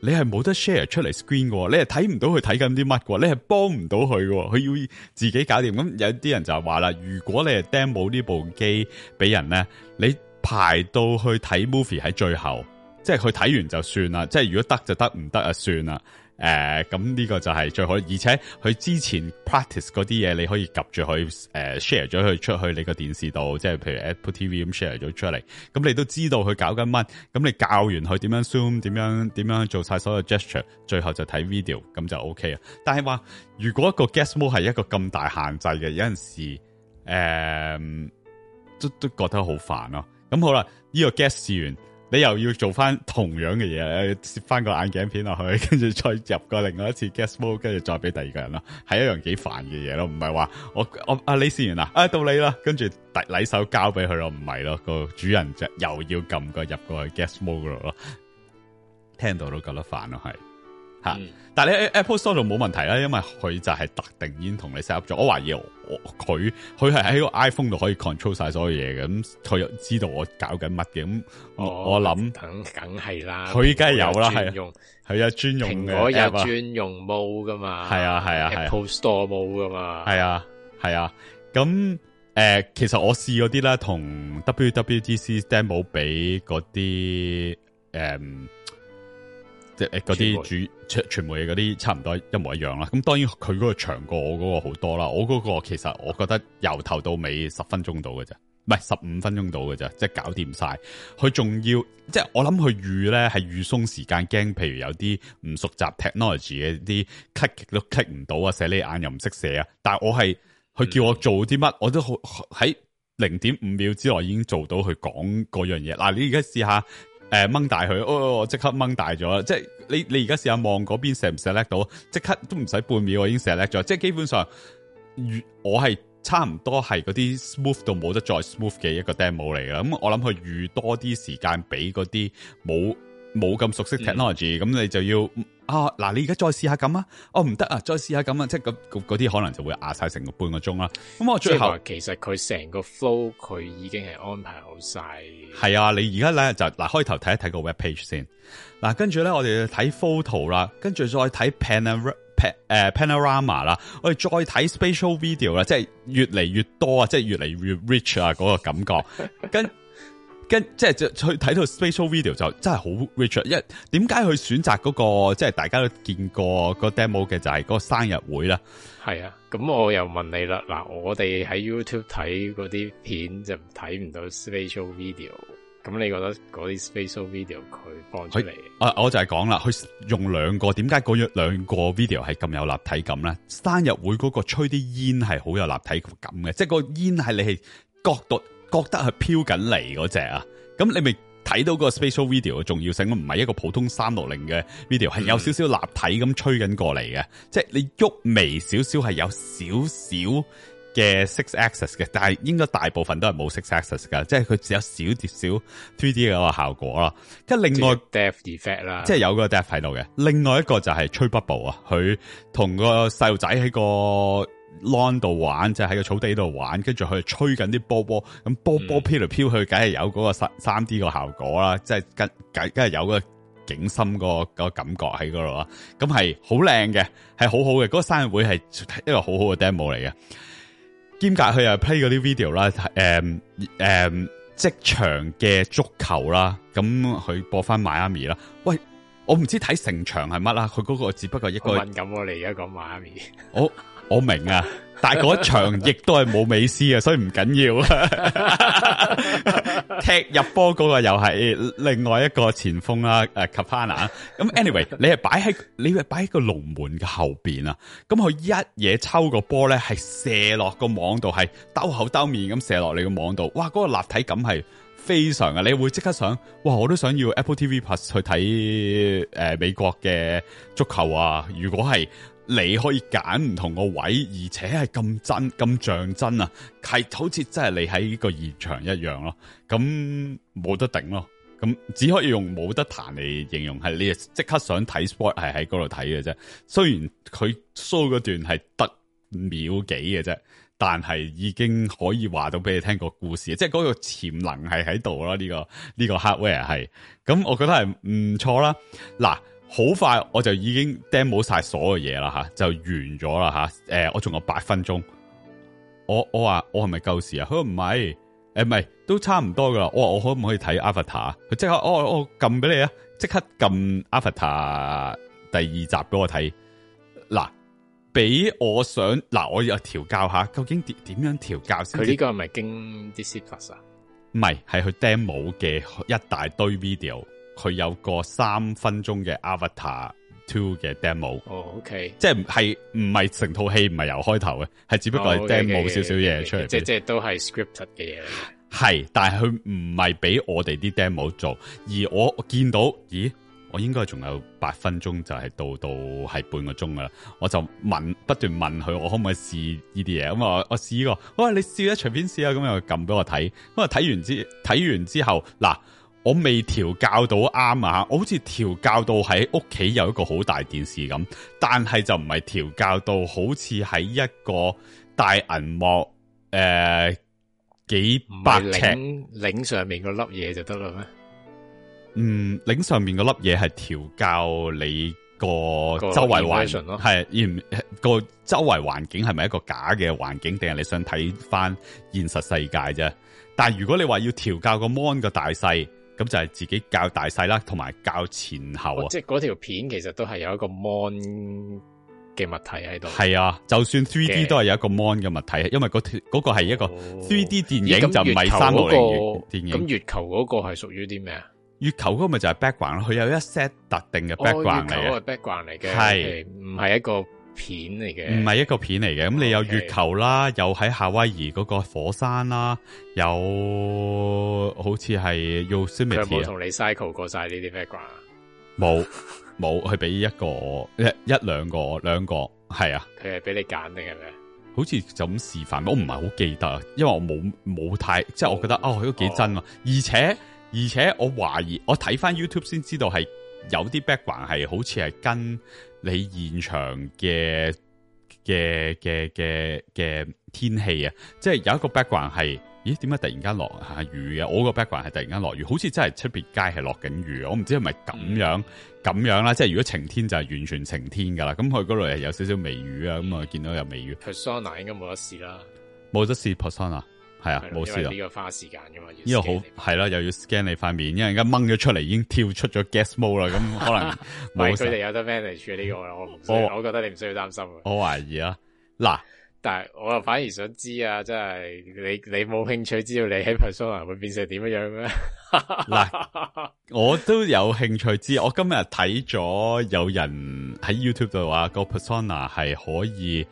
你係冇得 share 出嚟 screen 喎。你係睇唔到佢睇緊啲乜喎，你係幫唔到佢喎。佢要自己搞掂。咁有啲人就係話啦，如果你係 demo 部機呢部機俾人咧，你排到去睇 movie 喺最後。即係佢睇完就算啦，即係如果得就得，唔得啊算啦。誒、呃，咁呢個就係最好，而且佢之前 practice 嗰啲嘢，你可以及住去誒 share 咗佢出去你個電視度，即係譬如 Apple TV 咁 share 咗出嚟。咁你都知道佢搞緊乜，咁你教完佢點樣 zoom，點樣點樣做晒所有 gesture，最後就睇 video，咁就 OK 啊。但係話、呃、如果一個 guest mode 係一個咁大限制嘅，有陣時誒、呃、都都覺得煩、啊、好煩咯。咁好啦，呢個 guest 試完。你又要做翻同樣嘅嘢，誒，攝翻個眼鏡片落去，跟住再入過另外一次 Guest Mode，跟住再俾第二個人咯，係一樣幾煩嘅嘢咯，唔係話我我阿李思源啊，你完啊到你啦，跟住遞手交俾佢咯，唔係咯，個主人就又要撳過入過 Guest Mode 度咯，聽到都覺得煩咯，係。吓、嗯！但你喺 Apple Store 度冇問題啦，因為佢就係特定已經同你 set up 咗。我懷疑我佢佢係喺個 iPhone 度可以 control 晒所有嘢嘅，咁佢又知道我搞緊乜嘅。咁我諗，梗梗係啦，佢依家有啦，係，係啊，專用，蘋果有專用冇噶嘛，係啊，係啊，係。Apple Store 冇噶嘛，係啊，係啊。咁、啊啊啊呃、其實我試嗰啲咧，同 WWDC Stand 冇俾嗰啲即係嗰啲主傳傳媒嗰啲差唔多一模一樣啦。咁當然佢嗰個長過我嗰個好多啦。我嗰個其實我覺得由頭到尾十分鐘到嘅啫，唔係十五分鐘到嘅啫，即係搞掂晒。佢仲要即係我諗佢預咧係預鬆時間驚，譬如有啲唔熟習 technology 嘅啲 click 都 click 唔到啊，寫你眼又唔識寫啊。但係我係佢叫我做啲乜、嗯，我都好喺零點五秒之內已經做到佢講嗰樣嘢。嗱，你而家試下。誒、呃，掹大佢，哦，我刻大即刻掹大咗。即係你你而家試下望嗰邊，射唔射叻到？即刻都唔使半秒，我已經射叻咗。即係基本上，我係差唔多係嗰啲 smooth 到冇得再 smooth 嘅一個 demo 嚟噶。咁、嗯、我諗佢預多啲時間俾嗰啲冇冇咁熟悉 technology，咁、嗯、你就要啊嗱，你而家再試下咁啊，哦唔得啊，再試下咁啊，即係嗰啲可能就會壓晒成個半個鐘啦。咁我最後其實佢成個 flow 佢已經係安排好晒。係啊，你而家咧就嗱開頭睇一睇個 web page 先，嗱跟住咧我哋睇 photo 啦，跟住再睇 panora 誒 panorama 啦，我哋再睇 pa,、呃、special video 啦，即係越嚟越多啊，即係越嚟越 rich 啊嗰、嗰個感覺 <laughs> 跟。跟即係去睇到 spatial video 就真係好 richard 一，點解去選擇嗰、那個即係大家都見過個 demo 嘅，就係嗰個生日會啦。係啊，咁我又問你啦，嗱、啊，我哋喺 YouTube 睇嗰啲片就睇唔到 spatial video，咁你覺得嗰啲 spatial video 佢幫出嚟？啊，我就係講啦，去用兩個點解嗰兩個 video 係咁有立體感咧？生日會嗰個吹啲煙係好有立體感嘅，即係個煙係你係角度。覺得係飄緊嚟嗰隻啊，咁你咪睇到個 spatial video 嘅重要性？唔係一個普通三六零嘅 video，係有少少立體咁吹緊過嚟嘅、嗯，即係你喐微少少係有少少嘅 six axis 嘅，但係應該大部分都係冇 six axis 噶，即係佢只有少少 3D 嗰個效果啦。即係另外 depth effect 啦，即係有個 depth 喺度嘅。另外一個就係吹 bubble 啊，佢同個細路仔喺個。lawn 度玩，即係喺個草地度玩，跟住佢吹緊啲波波，咁波波飄嚟飄去，梗係有嗰個三三 D 個效果啦，嗯、即係跟梗梗係有個景深，嗰個、嗰個感覺喺嗰度啦，咁係好靚嘅，係好好嘅，嗰個生日會係一個好好嘅 demo 嚟嘅。兼夾佢又 play 嗰啲 video 啦，誒、嗯、誒、嗯，即場嘅足球啦，咁佢播翻 Miami 啦。喂，我唔知睇成場係乜啦，佢嗰個只不過一個敏感我哋而家講 Miami 我明啊，但係嗰場亦都係冇美斯啊，所以唔緊要啊。踢入波嗰個又係另外一個前鋒啦，誒，Campana 啊。咁 Anyway，你係擺喺你係擺喺個龍門嘅後邊啊。咁佢一嘢抽個波咧，係射落個網度，係兜口兜面咁射落你個網度。哇，嗰個立體感係非常啊，你會即刻想，哇，我都想要 Apple TV Plus 去睇誒美國嘅足球啊！如果係。你可以揀唔同個位，而且係咁真咁像真啊，係好似真係你喺個現場一樣咯。咁冇得頂咯，咁只可以用冇得彈嚟形容係你即刻想睇 sport，係喺嗰度睇嘅啫。雖然佢 show 嗰段係得秒幾嘅啫，但係已經可以話到俾你聽個故事，即係嗰個潛能係喺度咯。呢個呢個 hardware 係。咁我覺得係唔錯啦。嗱。好快我就已經 demo 晒所有嘢啦吓，就完咗啦吓。誒、呃，我仲有八分鐘，我我話我係咪夠時啊？佢話唔係，誒唔係都差唔多噶、哦、啦，啦。我話我可唔可以睇《Avatar》？佢即刻，我我撳俾你啊！即刻撳《Avatar》第二集俾我睇。嗱，俾我想嗱，我又調教下，究竟點點樣調教先？佢呢個係咪經 discuss 啊？唔係，係佢 demo 嘅一大堆 video。佢有個三分鐘嘅 Avatar Two 嘅 demo，哦、oh,，OK，即係唔係唔係成套戲唔係由開頭嘅，係只不過係 demo、oh, okay, okay, okay, 少少嘢出嚟、okay, okay, okay.，即係即係都係 scripted 嘅嘢，係，但係佢唔係俾我哋啲 demo 做，而我，我見到，咦，我應該仲有八分鐘就係到到係半個鐘㗎啦，我就問不斷問佢，我可唔可以試呢啲嘢，咁啊，我試個，試隨便試我話你試啊，隨便試啊，咁又撳俾我睇，咁啊睇完之睇完之後，嗱。我未調教到啱啊！我好似調教到喺屋企有一個好大電視咁，但係就唔係調教到好似喺一個大銀幕誒、呃、幾百尺。領，領上面個粒嘢就得啦咩？嗯，領上面個粒嘢係調教你個周圍、個周圍環係，個周圍環境係咪一個假嘅環境？定係你想睇翻現實世界啫？但係如果你話要調教個 mon 嘅大細。咁就係自己較大細啦，同埋較前後啊！即係嗰條片其實都係有一個 mon 嘅物體喺度。係啊，就算 3D 都係有一個 mon 嘅物體，因為嗰條嗰個係一個 3D 電影，就唔係360電影。咁月球嗰個係屬於啲咩啊？月球嗰咪就係 background 咯，佢有一 set 特定嘅 background 嚟嘅。嗰個 background 嚟嘅。係唔係一個？片嚟嘅，唔係一個片嚟嘅。咁你有月球啦，有、okay、喺夏威夷嗰個火山啦，有好似係 Yosemite 啦。佢冇同你 cycle 過晒呢啲 background <laughs> 冇，冇，佢俾一個一，一兩個，兩個係啊。佢係俾你揀定係咩？好似就咁示範，我唔係好記得，因為我冇冇太，哦、即係我覺得哦，佢都、這、幾、個、真啊。而、哦、且而且，而且我懷疑，我睇翻 YouTube 先知道係有啲 background 係好似係跟。你現場嘅嘅嘅嘅嘅天氣啊，即係有一個 background 係，咦點解突然間落下雨嘅、啊？我個 background 係突然間落雨，好似真係出邊街係落緊雨，我唔知係咪咁樣咁、嗯、樣啦、啊。即係如果晴天就係完全晴天㗎啦。咁佢嗰度係有少少微雨啊，咁、嗯、啊見到有微雨。persona 應該冇得試啦，冇得試 persona。係啊，冇事咯。呢個花時間噶嘛，呢個好係啦，又要 scan 你塊面，因為而家掹咗出嚟，已經跳出咗 guest mode 啦。咁 <laughs> 可能唔係佢哋有得 manage 理、這、呢個我、哦、我覺得你唔需要擔心。我懷疑啊，嗱，但係我又反而想知啊，真係你你冇興趣知道你喺 persona 會變成點樣咩？嗱 <laughs> 我都有興趣知。我今日睇咗有人喺 YouTube 度話個 persona 係可以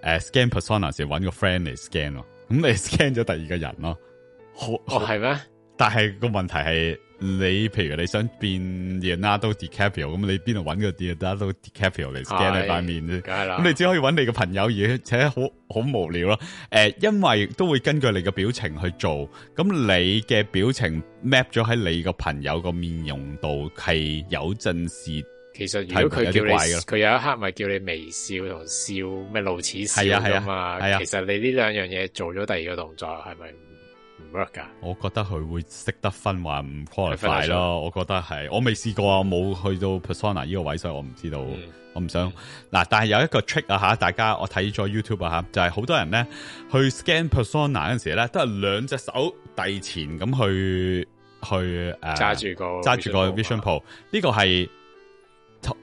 誒 scan persona，成搵個 friend 嚟 scan 咯。咁你 scan 咗第二個人咯，好係咩？但係個問題係你，譬如你想變 Leonardo DiCaprio，咁你邊度搵個 Leonardo DiCaprio 嚟 scan 你塊面啫？咁、哎、梗係啦，你只可以搵你個朋友，而且好好無聊咯。誒，因為都會根據你嘅表情去做，咁你嘅表情 map 咗喺你個朋友個面容度，係有陣時。其實如果佢叫你佢有，有一刻咪叫你微笑同笑咩露齒笑啊嘛、啊啊啊，其實你呢兩樣嘢做咗第二個動作係咪唔 work 啊？我覺得佢會識得分，話唔 qualify 咯，我覺得係，我未試過啊，冇、嗯、去到 persona 呢個位，所以我唔知道，嗯、我唔想嗱、嗯。但係有一個 trick 啊吓，大家我睇咗 YouTube 啊吓，就係好多人咧去 scan persona 嗰陣時咧，都係兩隻手遞前咁去去誒揸住個揸住個 Vision Pro 呢個係、啊。這個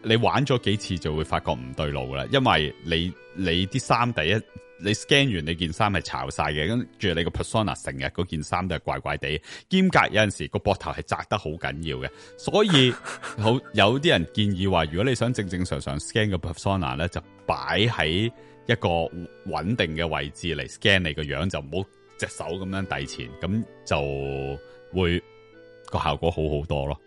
你玩咗幾次就會發覺唔對路㗎啦，因為你你啲衫第一你 scan 完你，你件衫係潮晒嘅，跟住你個 persona 成日嗰件衫都係怪怪地，肩胛有陣時個膊頭係扎得好緊要嘅，所以 <laughs> 好有啲人建議話，如果你想正正常常 scan 個 persona 咧，就擺喺一個穩定嘅位置嚟 scan 你個樣，就唔好隻手咁樣遞前，咁就會個效果好好多咯。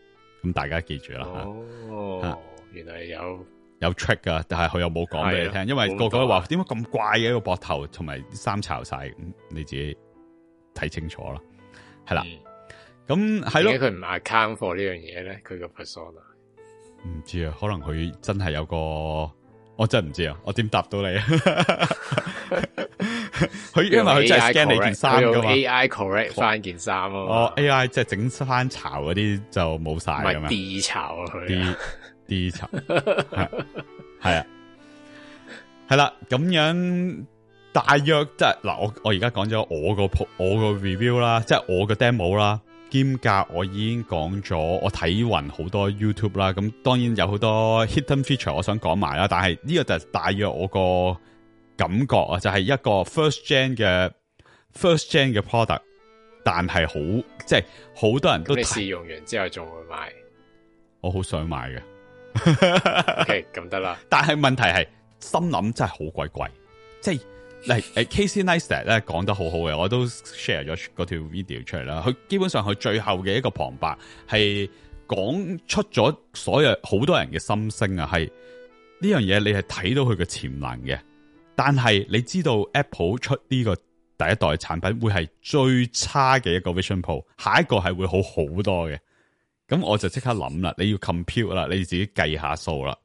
咁大家記住啦吓。Oh. 啊。原來有有 trick 噶，但係佢又冇講俾你聽，因為個個都話點解咁怪嘅，個膊頭同埋衫巢晒，你自己睇清楚啦，係啦，咁係咯。點解佢唔 account for 呢樣嘢咧？佢個 persona 唔知啊，可能佢真係有個，我真唔知啊，我點答到你？佢因為佢真係 scan 你件衫噶嘛，AI correct 翻件衫咯，哦，AI 即係整翻巢嗰啲就冇晒咁啊，D 巢佢。啲塵，係啊，係啦，咁樣大約，即係嗱我我，講我，我，review，我 demo，而家講咗我個我個 review 啦即係我個 demo 啦兼夾我已經講咗我睇匀好多 YouTube 啦，咁當然有好多 hidden feature 我想講埋啦，但係呢個就係大約我個感覺啊就係、是、一個 first gen 嘅 first gen 嘅 product 但係好即係好多人都你試用完之後仲會買，我好想買嘅。 <laughs> OK，咁得啦。但係問題係，心諗真係、即係 <laughs> uh, 好鬼貴。即係，嚟誒，Casey Neistat 咧講得好好嘅，我都 share 咗嗰條 video 出嚟啦。佢基本上佢最後嘅一個旁白係講出咗所有好多人嘅心聲啊。係呢樣嘢，這個、東西你係睇到佢嘅潛能嘅。但係你知道 Apple 出呢個第一代產品會係最差嘅一個 Vision Pro，下一個係會好好多嘅。咁我就即刻諗啦，你要 compute 啦，你自己計下數啦。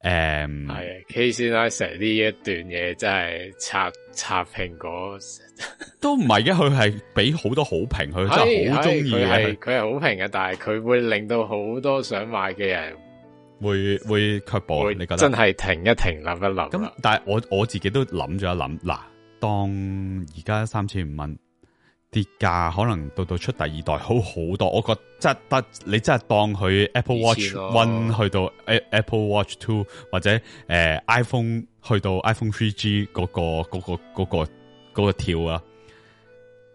誒、um,，係 K Sir 呢一段嘢真係刷刷蘋果，都唔係嘅，佢係俾好多好評，佢真係好中意佢，係佢係好平嘅，但係佢會令到好多想買嘅人會會卻步，你覺得真係停一停諗一諗。咁但係我我自己都諗咗一諗，嗱，當而家三千五蚊。跌價可能到到出第二代好好多，我覺得得你真係當佢 Apple Watch One 去到 A, Apple Watch Two 或者誒、呃、iPhone 去到 iPhone Three G 嗰個嗰、嗰個嗰、嗰個嗰、嗰個跳啊、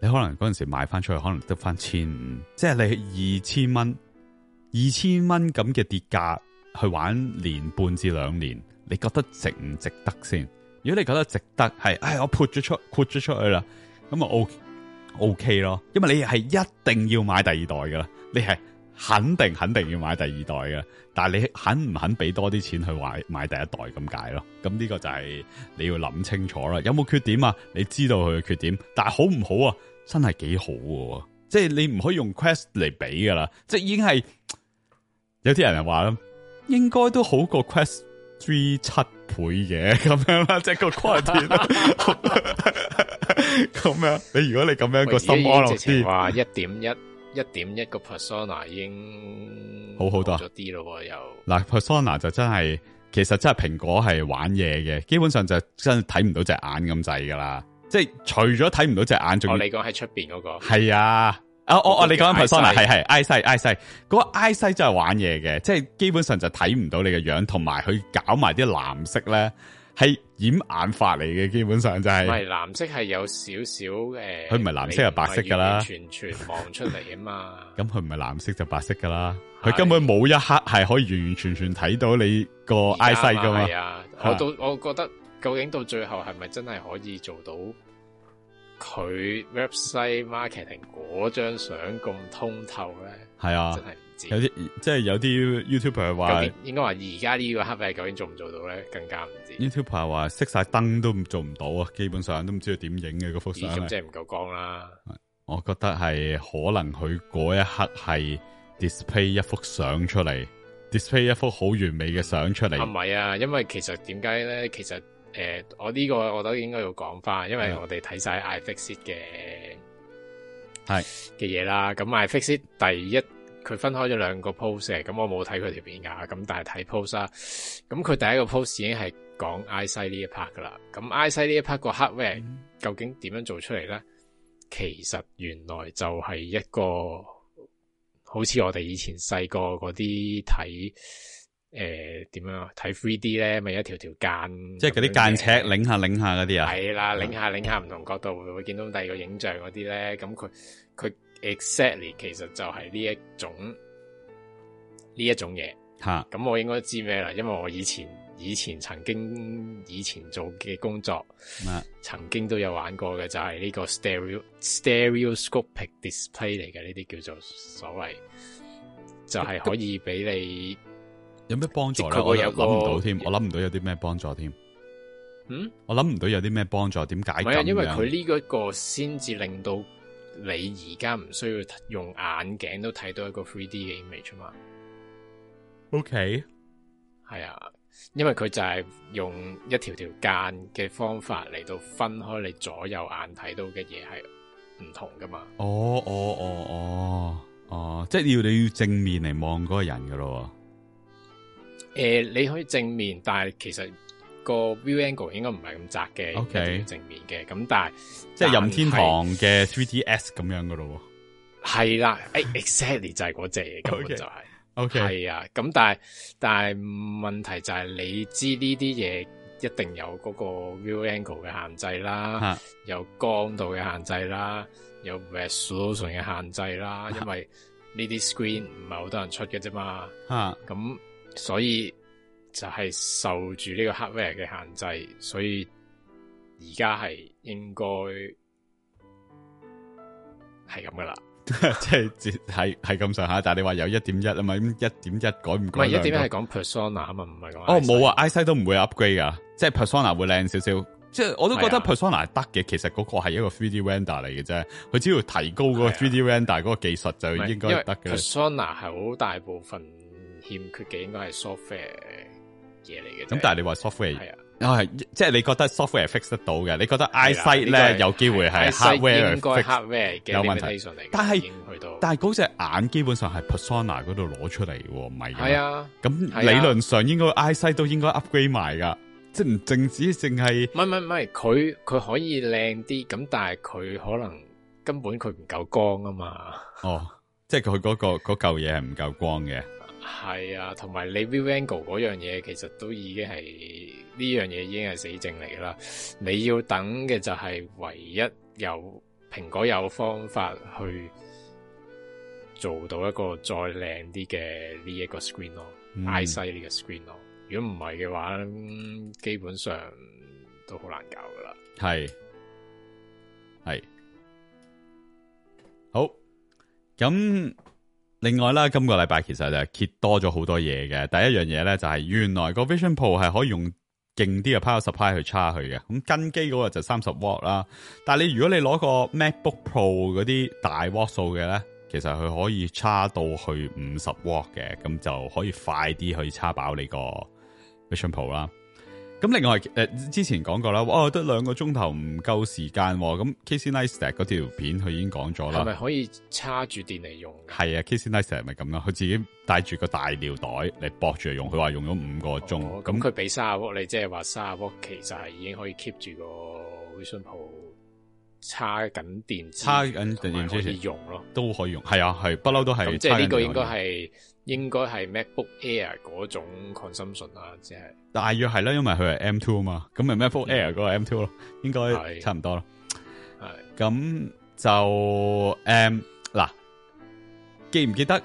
嗰個，你可能嗰陣時買翻出去可能得翻千五，即係你二千蚊二千蚊咁嘅跌價去玩，年半至兩年，你覺得值唔值得先？如果你覺得值得，係唉，我 put 咗出 put 咗出去啦，咁啊，OK O K 咯，因為你係一定要買第二代噶啦，你係肯定肯定要買第二代噶，但係你肯唔肯俾多啲錢去買買第一代咁解咯？咁呢個就係你要諗清楚啦，有冇缺點啊？你知道佢嘅缺點，但係好唔好啊？真係幾好嘅，即係你唔可以用 Quest 嚟比噶啦，即係已經係有啲人話啦，應該都好過 Quest 三七倍嘅咁樣啦，即係個咁樣，你如果你咁樣個心安落先，哇，一點一一點一個 persona 已經好好多咗啲咯，又嗱、ouais, persona、really、就真係，其實真係蘋果係玩嘢嘅，Promote，基本上就真係睇唔到隻眼咁滯噶啦，即係除咗睇唔到隻眼，仲你講喺出邊嗰個係啊，哦我我你講緊 persona 係係 i 西 i 西嗰個 i 西真係玩嘢嘅，即係、ah, really so. like. 基本上就睇唔到你嘅樣，同埋佢搞埋啲藍色咧。係掩眼法嚟嘅，基本上就係。唔係藍色係有少少誒，佢唔係藍色係白色噶啦，完完全全望出嚟啊嘛。咁佢唔係藍色就白色噶啦，佢根本冇一刻係可以完完全全睇到你個 eyesight 噶嘛。我到我覺得究竟到最後係咪真係可以做到佢 website marketing 嗰張相咁通透咧？係啊，真係唔知有啲即係有啲 YouTuber 嘅話，應該話而家呢個黑嘅究竟做唔做到咧？更加。YouTuber 話熄晒燈都做唔到啊！基本上都唔知道點影嘅嗰幅相，即係唔夠光啦。我覺得係可能佢嗰一刻係 display 一幅相出嚟 <music> ，display 一幅好完美嘅相出嚟。唔係啊，因為其實點解咧？其實誒、呃，我呢個我都應該要講翻，因為我哋睇晒 iFixit 嘅係嘅嘢啦。咁 iFixit 第一佢分開咗兩個 pose，咁我冇睇佢條片噶，咁但係睇 pose 啦，咁佢第一個 pose 已經係。講 I 西呢一 part 噶啦，咁 I 西呢一 part 個 hardware 究竟點樣做出嚟咧？嗯、其實原來就係一個，好似我哋以前細個嗰啲睇，誒、呃、點樣啊？睇 three D 咧，咪一條條間，即係嗰啲間尺擰下擰下嗰啲啊？係啦，擰下擰下唔同角度、嗯、會，會見到第二個影像嗰啲咧，咁佢佢 exactly 其實就係呢一種呢一種嘢吓。咁、啊、我應該知咩啦？因為我以前。以前曾經以前做嘅工作，曾經都有玩過嘅就係呢個 stereo stereoscopic display 嚟嘅，呢啲叫做所謂，就係可以俾你有咩幫助咧？我諗唔到添，我諗唔到有啲咩幫助添。嗯，我諗唔到有啲咩幫助，點解唔係啊？因為佢呢個先至令到你而家唔需要用眼鏡都睇到一個 three D 嘅 image 嘛。OK，係啊。因為佢就係用一條條間嘅方法嚟到分開你左右眼睇到嘅嘢係唔同噶嘛？哦哦哦哦哦，即係要你要正面嚟望嗰個人噶咯？誒、呃，你可以正面，但係其實個 view angle 應該唔係咁窄嘅，okay. 正面嘅，咁但係即係任天堂嘅 three D S 咁樣噶咯？係啦，誒 <laughs> ，exactly 就係嗰隻嘢，okay. 根本就係。係、okay. 啊，咁但係但係問題就係你知呢啲嘢一定有嗰個 view angle 嘅限制啦，啊、有光度嘅限制啦，有 resolution 嘅限制啦，啊、因為呢啲 screen 唔係好多人出嘅啫嘛，咁、啊、所以就係受住呢個 hardware 嘅限制，所以而家係應該係咁噶啦。即係係係咁上下，但係你話有一點一啊嘛，咁一點一改唔改？唔係一點一係講 persona 啊嘛，唔係講哦冇啊，i 西都唔會 upgrade 噶，即係 persona 會靚少少，即係我都覺得 persona 係得嘅，其實嗰個係一個 three D render 嚟嘅啫，佢只要提高嗰個 three D render 嗰個技術就應該得嘅。啊、persona 係好大部分欠缺嘅，應該係 software 嘢嚟嘅。咁但係你話 software 係啊。啊、哦，即係你覺得 software fix 得到嘅，你覺得 eye sight 咧、這個、有機會係 hardware 應該 hardware 嘅有問題。但係但係嗰隻眼基本上係 persona 嗰度攞出嚟，唔係。係啊。咁理論上應該 eye sight 都應該 upgrade 埋噶，即係唔淨止淨係。唔係唔係唔係，佢佢可以靚啲，咁但係佢可能根本佢唔夠光啊嘛。哦，即係佢嗰個嗰嚿嘢係唔夠光嘅。係啊，同埋你 Vivango 嗰樣嘢，其實都已經係呢樣嘢已經係死症嚟噶啦。你要等嘅就係唯一有蘋果有方法去做到一個再靚啲嘅呢一個 screen 咯、嗯，EyeSight 呢個 screen 咯。如果唔係嘅話，基本上都好難搞噶啦。係係好咁。另外啦，今個禮拜其實就揭多咗好多嘢嘅。第一樣嘢咧就係、是、原來個 Vision Pro 係可以用勁啲嘅 Power Supply 去叉佢嘅。咁根基嗰個就三十瓦啦。但係你如果你攞個 MacBook Pro 嗰啲大瓦數嘅咧，其實佢可以差到去五十瓦嘅，咁就可以快啲去叉 h 你個 Vision Pro 啦。咁另外，誒、呃、之前講過啦，我得兩個鐘頭唔夠時間喎。咁 K 先生嗰條片佢已經講咗啦，係咪可以插住電嚟用？係啊，K 先 c 係咪咁啊？佢自己帶住個大尿袋嚟搏住嚟用，佢話用咗五個鐘。咁佢俾卅啊，我你即係話卅啊，我其實係已經可以 keep 住個微信號。叉緊電池，叉緊電池可以用咯，都可以用，係啊，係不嬲都係。即係呢個應該係，應該係 MacBook Air 嗰種 consumption 啊，即、就、係、是、大約係啦，因為佢係 M2 啊嘛，咁咪 MacBook Air 嗰個 M2 咯、嗯，應該差唔多咯。係咁就誒嗱、嗯，記唔記得誒、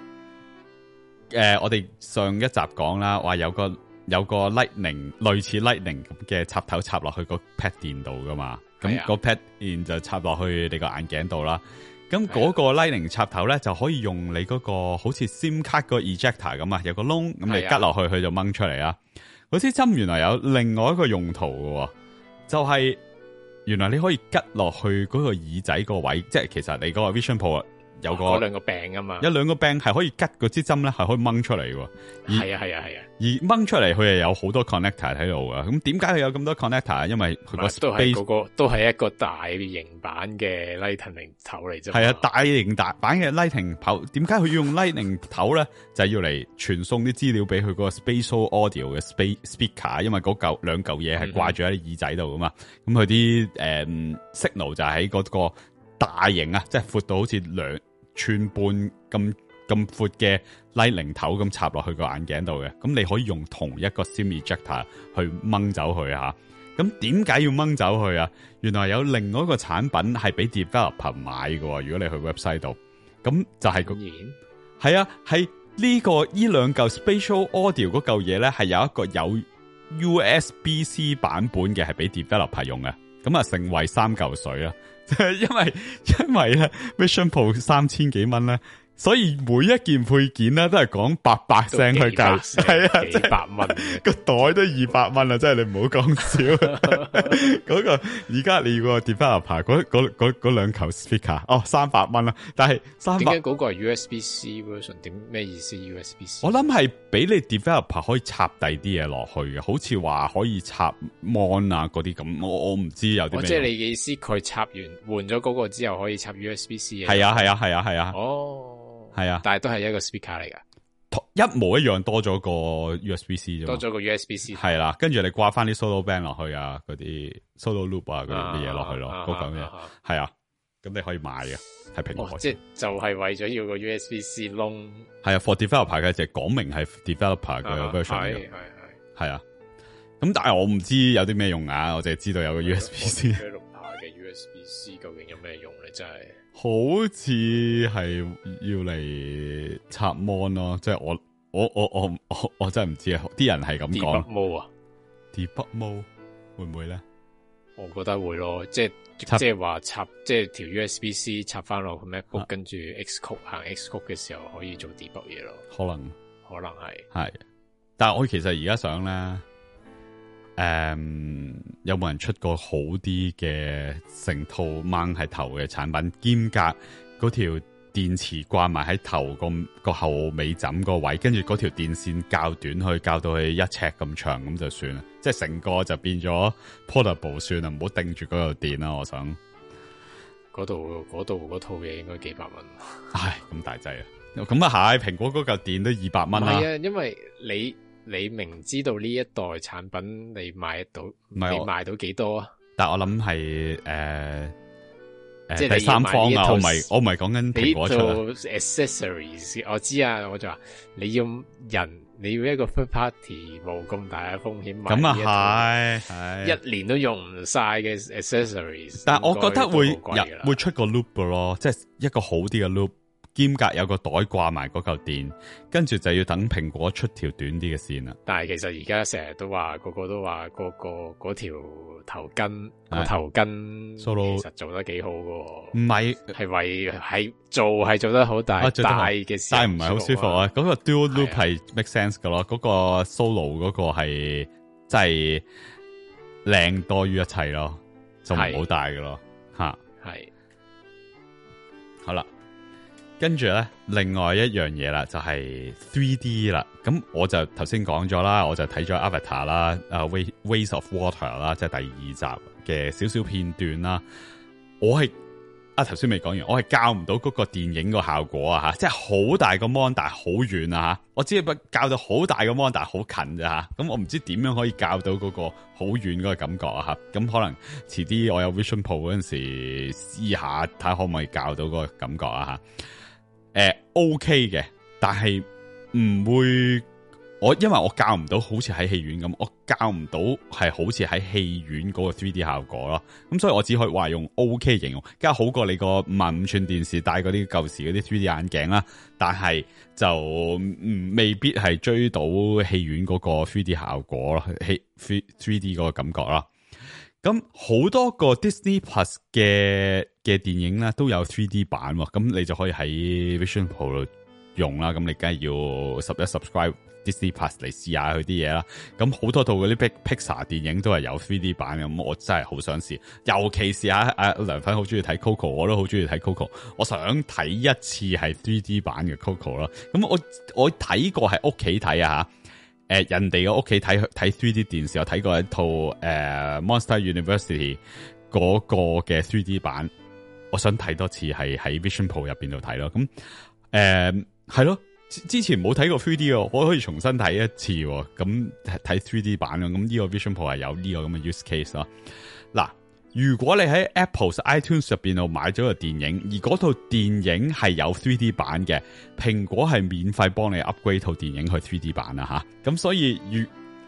呃、我哋上一集講啦，話有個有個 Lightning 類似 Lightning 咁嘅插頭插落去個 pad 電度噶嘛？咁個 pad in、啊、就插落去你個眼鏡度啦，咁嗰個 Lightning 插頭咧就可以用你嗰、那個好似 SIM 卡個 ejector 咁啊，有個窿咁你吉落去佢、啊、就掹出嚟啦。嗰支針原來有另外一個用途喎，就係、是、原來你可以吉落去嗰個耳仔個位，即係其實你嗰個 Vision Pro。有個有、啊、兩個病啊嘛，有兩個病係可以吉個支針咧，係可以掹出嚟㗎。係啊係啊係啊。而掹出嚟佢又有好多 connector 喺度㗎。咁點解佢有咁多 connector 啊？因為佢 space...、那個都係個個都係一個大型版嘅 lightning 頭嚟啫。係啊，大型大版嘅 lightning 頭，點解佢要用 lightning 頭咧？ <laughs> 就係要嚟傳送啲資料俾佢嗰個 spatial audio 嘅 speaker，因為嗰嚿兩嚿嘢係掛住喺耳仔度㗎嘛。咁佢啲 signal 就喺嗰個大型啊，即、就、係、是、闊到好似兩。寸半咁咁闊嘅 Lightning 頭咁插落去個眼鏡度嘅，咁你可以用同一個 SIM ejector 去掹走佢啊！咁點解要掹走佢啊？原來有另外一個產品係俾 Developer 買嘅，如果你去 website 度，咁就係個係啊，係呢、這個依兩嚿 Spatial Audio 嗰嚿嘢咧，係有一個有 USB-C 版本嘅，係俾 Developer 用嘅，咁啊，成為三嚿水啦。 <laughs> 因為因為咧，Vision Pro 三千幾蚊咧？所以每一件配件咧、啊，都係講八百聲去教，係啊，即係百蚊個 <laughs> <laughs> 袋都二百蚊啦，真係你唔好講少嗰個。而家你個 developer 嗰嗰嗰嗰兩球 speaker 哦，三百蚊啦。但係三百嗰個係 USB C version，點咩意思？USB C 我諗係俾你 developer 可以插第啲嘢落去嘅，好似話可以插 mon 啊嗰啲咁。我我唔知有啲咩。即係你嘅意思，佢插完換咗嗰個之後，可以插 USB C 嘅。係啊係啊係啊係啊。哦。係啊，但係都係一個 speaker 嚟噶，一模一樣，多咗個 USB C 啫，多咗個 USB C，係啦，跟住、啊、你掛翻啲 solo band 落去啊，嗰啲 solo loop 啊，嗰啲嘢落去咯，嗰種嘢，係啊，咁、那個啊啊啊啊、你可以買嘅，係蘋果，即係就係為咗要個 USB C 窿，係啊，for developer 㗎嘅就係講明係 developer 嘅嘅嘅嘅嘅 version，係係係，係啊，咁、啊啊啊啊啊啊啊啊、但係我唔知有啲咩用啊，我淨係知道有個 USB C，developer 嘅 USB C 究竟有咩用咧、啊，真係。好似係要嚟插 m 模咯，即、就、係、是、我我我我我真係唔知啊！啲人係咁講。debug mode 啊？debug mode 會唔會咧？我覺得會咯，即係即係話插,插即係條 USB-C 插翻落 MacBook 跟住 Xcode 行 Xcode 嘅時候可以做 debug 嘢咯。可能可能係係，但係我其實而家想咧。誒、um，有冇人出過好啲嘅成套掹喺頭嘅產品，兼夾嗰條電池掛埋喺頭個個後尾枕個位，跟住嗰條電線較短去，去較到去一尺咁長咁就算啦。即係成個就變咗 portable 算啦，唔好定住嗰嚿電啦。我想嗰度嗰度嗰套嘢應該幾百蚊， <laughs> 唉，咁大劑啊！咁啊係，蘋果嗰嚿電都二百蚊啦。係啊，因為你。你明知道呢一代產品你賣到，你賣到幾多啊？但係我諗係誒誒，即係第三方啊，我唔係，我唔係講緊蘋果出啦。你做 accessories，我知啊，我就話你要人，你要一個 first party 冇咁大嘅風險買。咁啊係，一年都用唔曬嘅 accessories。但係我覺得會入會出個 loop 嘅咯，即係一個好啲嘅 loop。兼隔有個袋掛埋嗰嚿電，跟住就要等蘋果出條短啲嘅線啦。但係其實而家成日都話，個個都話個個嗰條頭巾個頭巾，頭巾，Solo，其實做得幾好噶。唔係係為係做係做得好，但係大嘅，但係唔係好舒服啊。嗰、嗰個 Dual Loop 係 make sense 噶咯，嗰、嗰個 Solo 嗰個係真係靚多於一切咯，就唔、係、好大噶咯，吓係好啦。跟住咧，另外一樣嘢啦，就係 three D 啦。咁我就頭先講咗啦，我就睇咗 Avatar 啦，啊 Ways of Water 啦，即係第二集嘅少少片段啦。我係啊頭先未講完，我係教唔到嗰個電影個效果啊！吓，即係好大個 mon 但係，好遠啊！吓，我只係教到好大個 mon 但係，好近啫吓，咁、啊、我唔知點樣可以教到嗰個好遠嗰個感覺啊！吓，咁可能遲啲我有 Vision Pro 嗰陣時試下睇下可唔可以教到嗰個感覺啊！吓。誒，OK 嘅，但係唔會我因為我教唔到，好似喺戲院咁，我教唔到係好似喺戲院嗰個 3D 效果咯。咁所以我只可以話用 OK 形容，梗係好過你個五萬五寸電視戴嗰啲舊時嗰啲 3D 眼鏡啦。但係就唔未必係追到戲院嗰個 3D 效果咯，戲 3D 嗰個感覺啦。咁好多個 Disney Plus 嘅嘅電影咧都有 3D 版，咁你就可以喺 Vision Pro 度用啦。咁你梗係要十一 subscribe Disney Plus 嚟試下佢啲嘢啦。咁好多套嗰啲 Pixar 電影都係有 3D 版嘅，咁我真係好想試。尤其是啊阿梁粉好中意睇 Coco，我都好中意睇 Coco, 我 Coco 我。我想睇一次係 3D 版嘅 Coco 啦。咁我我睇過喺屋企睇啊吓。誒、呃，人哋嘅屋企睇睇 3D 電視，我睇過一套誒、呃《Monster University》嗰個嘅 3D 版，我想睇多次，係喺 Vision Pro 入邊度睇咯。咁誒係咯，之前冇睇過 3D 哦，我可以重新睇一次、哦。咁睇 3D 版嘅，咁呢個 Vision Pro 係有呢個咁嘅 use case 啦、哦。嗱。如果你喺 Apple's iTunes 入邊度買咗個電影，而嗰套電影係有 3D 版嘅，蘋果係免費幫你 upgrade 套電影去 3D 版啦吓。咁、啊、所以，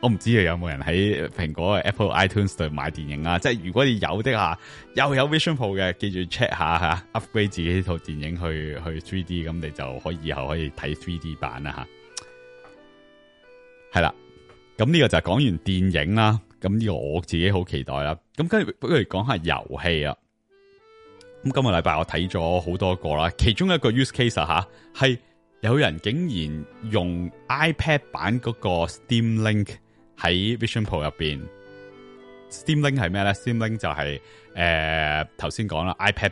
我唔知有冇人喺蘋果 Apple iTunes 度買電影啦、啊。即係如果你有的吓，又有，有 Vision Pro 嘅，記住 check 下吓、啊、upgrade 自己套電影去去 3D，咁你就可以以後可以睇 3D 版啦吓。係、啊、啦，咁呢個就係講完電影啦。咁呢個我自己好期待啦。咁跟住不如講下遊戲啊。咁、啊、今日禮拜我睇咗好多個啦，其中一個 use case 吓、啊、係有人竟然用 iPad 版嗰個 Steam Link 喺 Vision Pro 入邊。Steam Link 係咩咧？Steam Link 就係誒頭先講啦，iPad。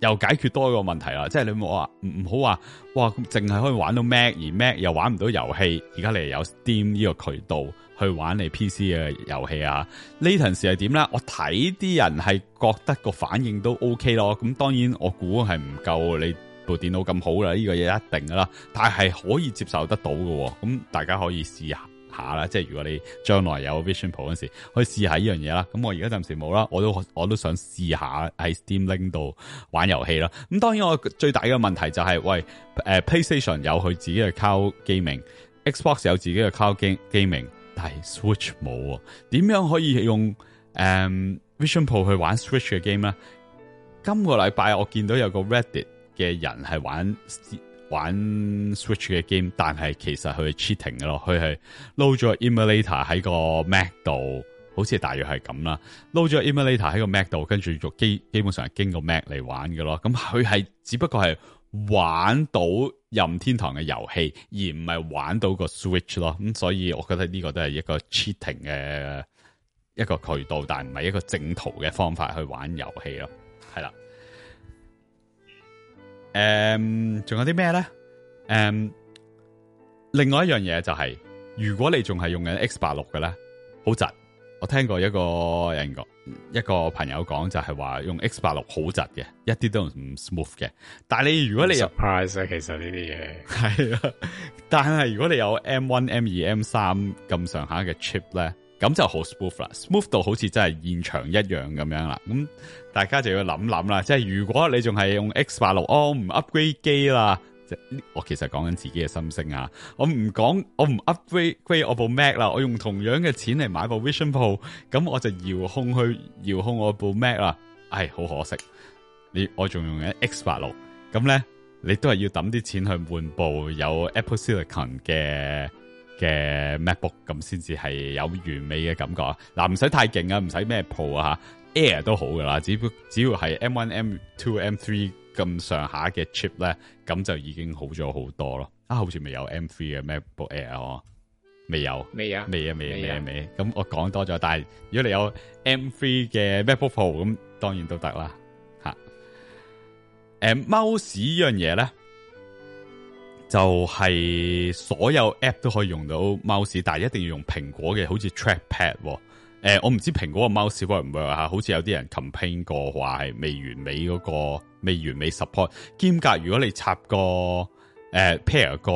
又解決多一個問題啦，即係你冇話唔唔好話，哇咁淨係可以玩到 Mac，而 Mac 又玩唔到遊戲，而家你有 Steam 呢個渠道去玩你 PC 嘅遊戲啊！ <music> 這個、呢陣時係點啦？我睇啲人係覺得個反應都 OK 咯，咁當然我估係唔夠你部電腦咁好啦，呢、呢個嘢一定㗎啦，但係可以接受得到喎。咁大家可以試下。下啦，即係如果你將來有 Vision Pro 嗰時，可以試下呢樣嘢啦。咁我而家暫時冇啦，我都我都想試下喺 Steam Link 度玩遊戲啦。咁當然我最大嘅問題就係、是，喂，誒、呃、PlayStation 有佢自己嘅 Cloud Gaming，Xbox 有自己嘅 Cloud Game Gaming，但係 Switch 冇喎，點樣可以用誒、呃、Vision Pro 去玩 Switch 嘅 game 咧？今個禮拜我見到有個 Reddit 嘅人係玩。玩 Switch 嘅 game，但係其實佢係 cheating 嘅咯，佢係撈咗 emulator 喺個 Mac 度，好似大約係咁啦，撈咗 emulator 喺個 Mac 度，跟住就基基本上係經過 Mac 嚟玩嘅咯，咁佢係只不過係玩到任天堂嘅遊戲，而唔係玩到個 Switch 咯，咁所以我覺得呢個都係一個 cheating 嘅一個渠道，但唔係一個正途嘅方法去玩遊戲咯，係啦。誒、um，仲有啲咩咧？誒，另外一樣嘢就係、是，如果你仲係用緊 X 八六嘅咧，好窒。我聽過一個人講，一個朋友講就係話用 X 八六好窒嘅，一啲都唔 smooth 嘅。但係你如果你有 surprise 其實呢啲嘢係啊， <laughs> <laughs> 但係如果你有 M 一 M 二 M 三咁上下嘅 chip 咧。咁就好 smooth 啦，smooth 到好似真係現場一樣咁樣啦。咁大家就要諗諗啦，即係如果你仲係用 X 八六，我唔 upgrade 機啦。即我其實講緊自己嘅心聲啊，我唔講，我唔 upgrade upgrade 我部 Mac 啦，我用同樣嘅錢嚟買部 Vision Pro，咁我就遙控去遙控我部 Mac 啦。唉、哎，好可惜，我 X86, 你我仲用緊 X 八六，咁咧你都係要抌啲錢去換部有 Apple Silicon 嘅。嘅 MacBook 咁先至係有完美嘅感覺啊！嗱，唔使太勁啊，唔使咩 Pro 啊 Air 都好噶啦，只要只要係 M1、M2、M3 咁上下嘅 chip 咧，咁就已經好咗好多咯。啊，好似未有 M3 嘅 MacBook Air、啊、哦，未、啊、有，未有，未啊，未啊，未啊，未。咁我講多咗，但係如果你有 M3 嘅 MacBook Pro 咁，當然都得啦。吓、啊，誒、啊，貓屎呢樣嘢咧？就係、是、所有 app 都可以用到貓屎，但一定要用蘋果嘅，好似 Trackpad 喎、哦呃。我唔知蘋果個貓屎會唔會話，好似有啲人 complain 過話係未完美嗰個，未完美 support。兼隔如果你插個誒、呃、pair 個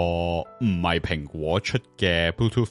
唔係蘋果出嘅 Bluetooth。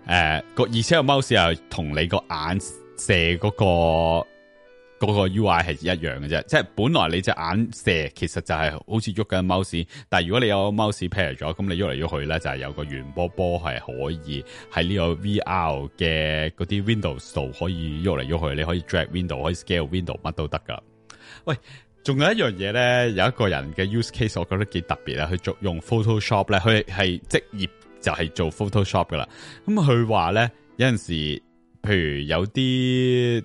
誒、呃，個而且個 mouse 又同你個眼射嗰個嗰個 UI 係一樣嘅啫，即係本來你隻眼射其實就係好似喐緊 mouse，但係如果你有個 mouse pair 咗，咁你喐嚟喐去咧就係有個圓波波係可以喺呢個 VR 嘅啲 Windows 度可以喐嚟喐去，你可以 drag window，可以 scale window，乜都得噶。喂，仲有一樣嘢咧，有一個人嘅 use case，我覺得幾特別啊，佢用 Photoshop 咧，佢係職業。就係做 Photoshop 噶啦，咁佢話咧有陣時，譬如有啲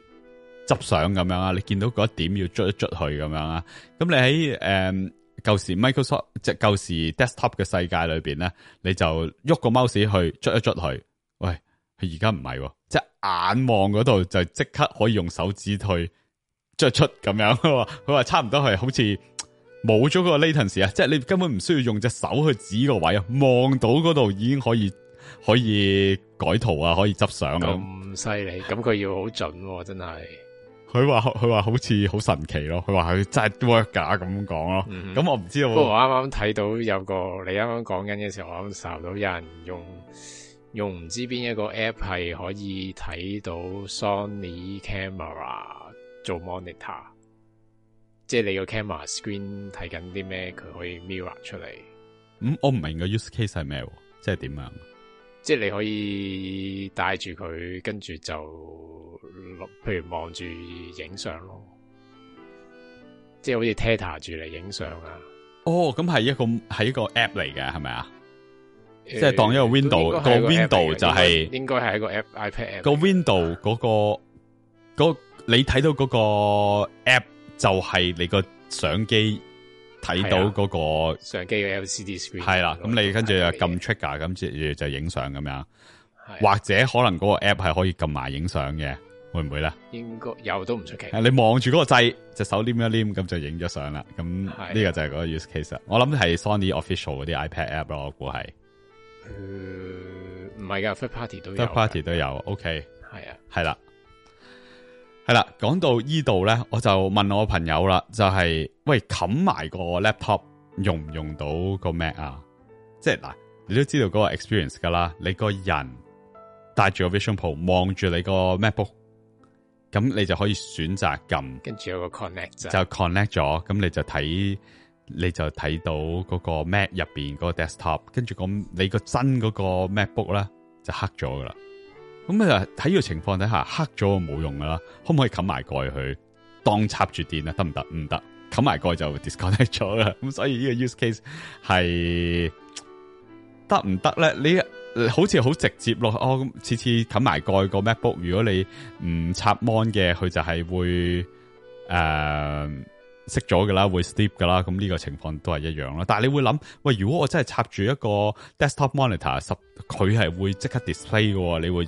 執相咁樣啊，你見到嗰一點要捽一捽佢咁樣啊，咁你喺誒舊時 Microsoft 即係舊時 desktop 嘅世界裏邊咧，你就喐個 mouse 去捽一捽佢，喂，而家唔係，即係眼望嗰度就即刻可以用手指去捽一捽咁樣，佢話佢話差唔多係好似。冇咗個 latency 啊，即係你根本唔需要用隻手去指個位啊，望到嗰度已經可以可以改圖啊，可以執相咁。咁犀利，咁佢要準，啊、好準真係。佢話佢話好似好神奇咯，佢話佢真係 work 噶咁講咯。咁、嗯嗯、我唔知道、嗯，不過我啱啱睇到有個你啱啱講緊嘅時候，我諗受到有人用用唔知邊一個 app 係可以睇到 Sony Camera 做 monitor。即係你個 camera screen 睇緊啲咩，佢可以 mirror 出嚟、嗯。咁我唔明個 use case 係咩，即係點樣？即係你可以帶住佢，跟住就，譬如望住影相咯，即係好似 tether 住嚟影相啊。哦，咁係一個係一個 app 嚟嘅，係咪啊？即係當一個 window 個、嗰個、window 就係、係、應該係一個 app iPad app、嗰個 window 嗰、嗰個嗰、嗰個嗰個、你睇到嗰個 app。就係、是、你相機、那個是、啊、相機睇到嗰個相機嘅 LCD screen 係啦、啊，咁、那個、你跟住又撳 trigger，咁就、啊、就影相咁樣、啊，或者可能嗰個 app 係可以撳埋影相嘅，會唔會咧？應該有都唔出奇、啊。你望住嗰個掣，隻手黏一黏咁就影咗相啦。咁呢、啊、個就係嗰個 use case 啦。我諗係 Sony official 嗰啲 iPad app 咯，我估係。唔係噶，third party 都有。third party 都有。OK。係啊。係啦、啊。係啦，講到呢度咧，我就問我朋友啦，就係、是、喂，冚埋個 laptop 用唔用到個 Mac 啊？即係嗱，你都知道嗰個 experience 噶啦，你個人戴住個 Vision Pro 望住你個 MacBook，咁你就可以選擇撳，跟住有個 connect 就 connect 咗，咁你就睇，你就睇到嗰個 Mac 入邊個 desktop，跟住，那個你個真嗰個 MacBook 咧就黑咗噶啦。咁啊！喺呢個情況底下，黑咗冇用噶啦，可唔可以冚埋蓋佢當插住電啊？得唔得？唔得，冚埋蓋就 disconnect 咗啦。咁所以呢個 use case 係得唔得咧？你好似好直接咯，哦咁次次冚埋蓋個 MacBook，如果你唔插 mon 嘅，佢就係會誒熄咗噶啦，會 sleep 噶啦。咁呢個情況都係一樣咯。但係你會諗，喂，如果我真係插住一個 desktop monitor，實佢係會即刻 display 喎，你會？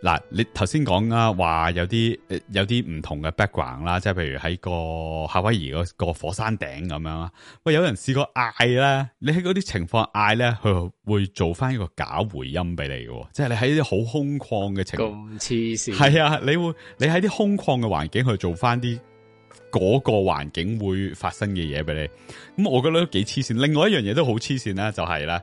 嗱，你頭先講啊，話有啲誒，有啲唔同嘅 background 啦，即係譬如喺個夏威夷嗰個火山頂咁樣啊，喂，有人試過嗌咧，你喺嗰啲情況嗌咧，佢會做翻一個假回音俾你嘅，即係你喺啲好空曠嘅情況，咁黐線。係啊，你會你喺啲空曠嘅環境去做翻啲嗰個環境會發生嘅嘢，俾你，咁我覺得都幾黐線。另外一樣嘢都好黐線啦，就係啦。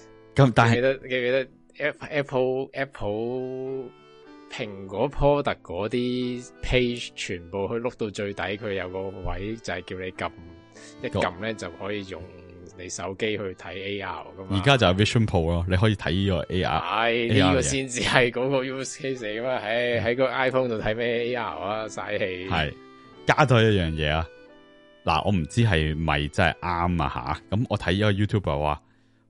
咁但係，記唔記,記,記得 Apple Apple 蘋果 product 嗰啲 page 全部去碌到最底，佢有個位就係叫你撳一撳咧就可以用你手機去睇 AR 咁而家就有 Vision Pro 咯，你可以睇呢個 AR、哎。你呢、這個先至係嗰個 use case 咁啊！嘛、哎，喺個 iPhone 度睇咩 AR 啊，晒氣。係加多一樣嘢啊！嗱、啊，我唔知係咪真係啱啊吓。咁我睇呢個 YouTuber 話。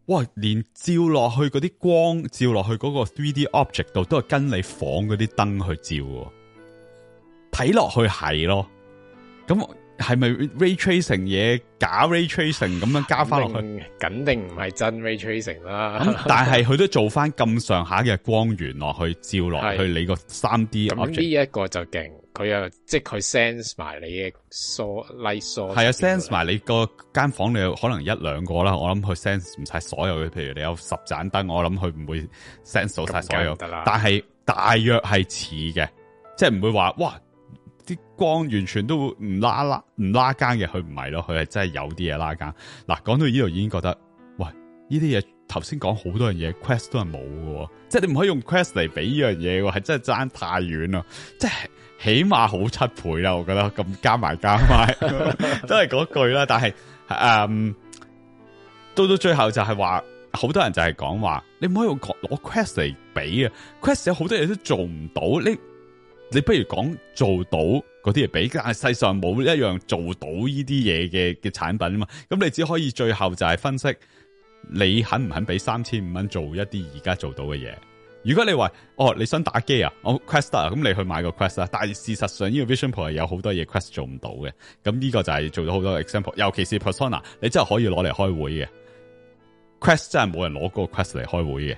哇！連照落去嗰啲光，照落去嗰個 three D object 度，都係跟你房嗰啲燈去照，睇落去係咯。咁係咪 ray tracing 嘢，假 ray tracing 咁樣加翻落去？肯定唔係真 ray tracing 啦。但係佢都做翻咁上下嘅光源落去照落去照落去你個三 D。咁呢一個就勁。佢又即係佢 sense 埋你嘅疏 light 疏係啊 sense 埋你個間房，你可能一兩個啦，我諗佢 sense 唔晒所有嘅，譬如你有十盞燈，我諗佢唔會 sense 到晒所有。得啦，但係大約係似嘅，即係唔會話哇啲光完全都會唔拉唔拉更嘅，佢唔係咯，佢係真係有啲嘢拉更。嗱，講到呢度已經覺得，喂，呢啲嘢。頭先講好多樣嘢，Quest 都係冇嘅，即係你唔可以用 Quest 嚟俾呢樣嘢，係真係爭太遠啦，即係起碼好七倍啦，我覺得咁加埋加埋 <laughs> 都係嗰句啦。但係誒、嗯，到到最後就係話，好多人就係講話，你唔可以用攞 Quest 嚟俾啊，Quest 有好多嘢都做唔到， <laughs> 你你不如講做到嗰啲嘢比，但係世上冇一樣做到呢啲嘢嘅嘅產品啊嘛，咁你只可以最後就係分析。你肯唔肯俾三千五蚊做一啲而家做到嘅嘢？如果你話，哦你想打機啊，我 Quest 啊，咁你去買個 Quest 啊。但係事實上呢個 Vision Pro 係有好多嘢 Quest 做唔到嘅。咁呢個就係做到好多 Example，尤其是 Persona，你真係可以攞嚟開會嘅。Quest 真係冇人攞個 Quest 嚟開會嘅。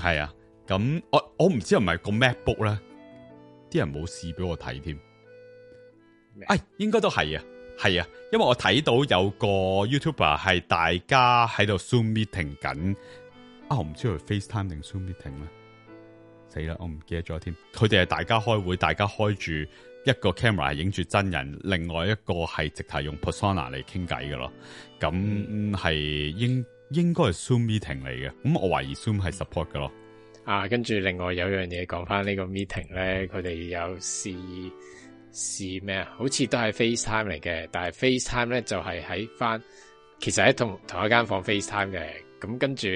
係啊，咁我我唔知係咪個 MacBook 咧，啲人冇試俾我睇添。哎，應該都係啊，係啊，因為我睇到有個 YouTuber 係大家喺度 Zoom meeting 緊，啊，我唔知佢 FaceTime 定 Zoom meeting 啦。死啦，我唔記得咗添。佢哋係大家開會，大家開住一個 camera 影住真人，另外一個係直頭用 Persona 嚟傾偈噶咯。咁係、嗯、應。應該係 Zoom meeting 嚟嘅，咁我懷疑 Zoom 係 support 嘅咯。啊，跟住另外有樣嘢講翻呢個 meeting 咧，佢哋有試試咩啊？好似都係 FaceTime 嚟嘅，但係 FaceTime 咧就係喺翻，其實喺同同一間房 FaceTime 嘅。咁跟住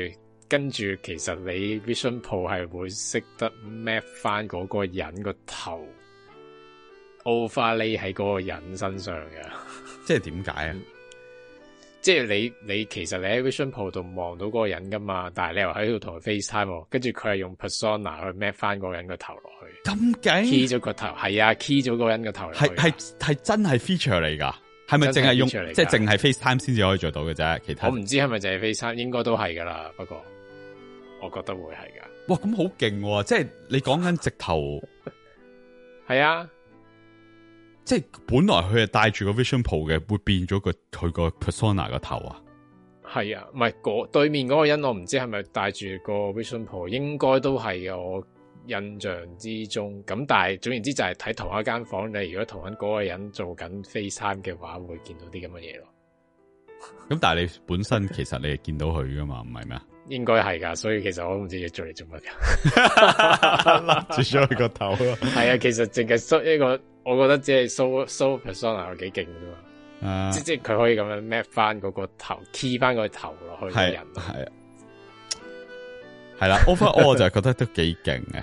跟住，其實你 Vision Pro 係會識得 map 翻嗰個人個頭 overlay 喺嗰個人身上嘅。即係點解啊？嗯即係你，你其實你喺 Vision Pro 度望到嗰個人噶嘛，但係你又喺度同佢 FaceTime，跟住佢係用 Persona 去 match 翻嗰個人個頭落去，咁勁，key 咗個頭，係啊，key 咗嗰個人個頭落去，係係係真係 feature 嚟噶，係咪淨係用，即係淨係 FaceTime 先至可以做到嘅啫，其他我唔知係咪淨係 FaceTime，應該都係噶啦，不過我覺得會係噶，哇，咁好勁，即係你講緊直頭，係啊。即係本來佢係帶住個 Vision Pro 嘅，會變咗個佢個 Persona 個頭啊？係啊，唔係嗰對面嗰個人，我唔知係咪帶住個 Vision Pro，應該都係我印象之中。咁但係總言之，就係睇同一間房，你如果同緊嗰個人做緊 FaceTime 嘅話，會見到啲咁嘅嘢咯。咁 <laughs> 但係你本身其實你係見到佢噶嘛？唔係咩？應該係噶，所以其實我都唔知要做嚟做乜嘅，接咗佢個頭咯。係啊，其實淨係縮一個。我覺得即係 so so persona 幾勁啫嘛，即即佢可以咁樣 map 翻嗰個頭 key 翻個頭落去嘅人。係啊，係啦，overall 我就係覺得都幾勁嘅。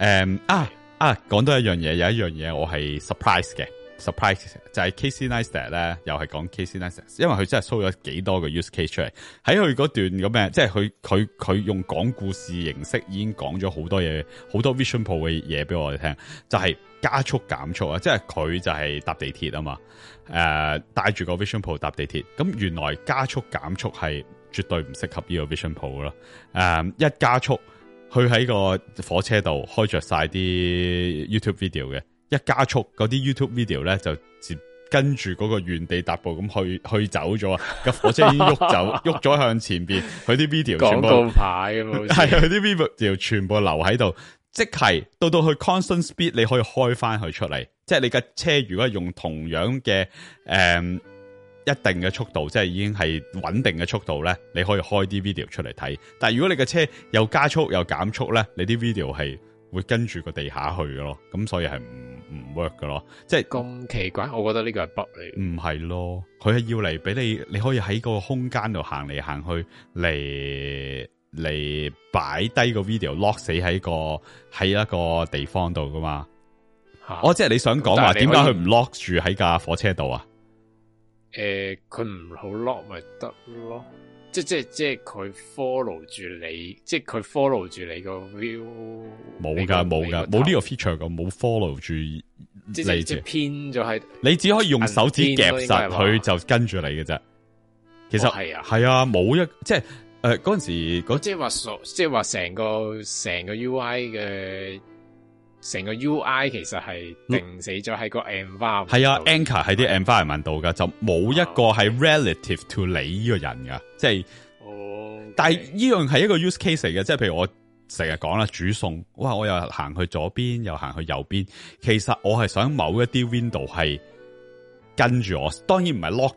誒啊啊，講多一樣嘢，有一樣嘢我係 surprise 嘅。surprise 就係 Casey n e、nice、i s t a r 咧，又係講 Casey n e、nice、i s t a r 因為佢真係 show 咗幾多個 use case 出嚟。喺佢嗰段咁咩，即係佢佢佢用講故事形式已經講咗好多嘢，好多 vision Pool 嘅嘢俾我哋聽。就係、是、加速減速啊，即係佢就係搭地鐵啊嘛，誒、呃，帶住個 vision Pool 搭地鐵。咁原來加速減速係絕對唔適合呢個 vision 浦咯。誒、呃，一加速，佢喺個火車度開着晒啲 YouTube video 嘅。一加速，嗰啲 YouTube video 咧就接跟住嗰個原地踏步咁去去走咗啊。個火車已經喐走喐咗 <laughs> 向前邊，佢 <laughs> 啲 video 廣告牌係佢啲 video 全部留喺度， <laughs> 即係到到去 constant speed，你可以開翻佢出嚟。即係你架車如果用同樣嘅誒、嗯、一定嘅速度，即係已經係穩定嘅速度咧，你可以開啲 video 出嚟睇。但係如果你嘅車又加速又減速咧，你啲 video 係會跟住個地下去咯。咁所以係唔。唔 work 噶咯，即係咁奇怪，我覺得呢個係 bug 嚟，唔係咯，佢係要嚟俾你，你可以喺個空間度行嚟行去，嚟嚟擺低個 video lock 死喺個喺一個地方度噶嘛。哦、啊，oh，即係你想講話，點解佢唔 lock 住喺架火車度啊？誒、呃，佢唔好 lock 咪得咯。即即即佢 follow 住你，即佢 follow 住你，你個 view。冇㗎，冇㗎，冇呢個 feature，咁，冇 follow 住即係。偏咗喺，你只可以用手指夾實佢，就跟住你嘅啫。其實係、哦、啊，係啊，冇一即係誒嗰陣時，即係話所，即係話成個成個 UI 嘅。成個 UI 其實係定死咗喺個 environment。係啊，anchor 喺、嗯、啲 environment 度噶，就冇一個係 relative to 你呢個人噶，okay. 即係，哦、okay.，但係呢樣係一個 use case 嚟嘅。即係譬如我成日講啦，煮餸，哇，我又行去左邊，又行去右邊，其實我係想某一啲 window 係跟住我，當然唔係 lock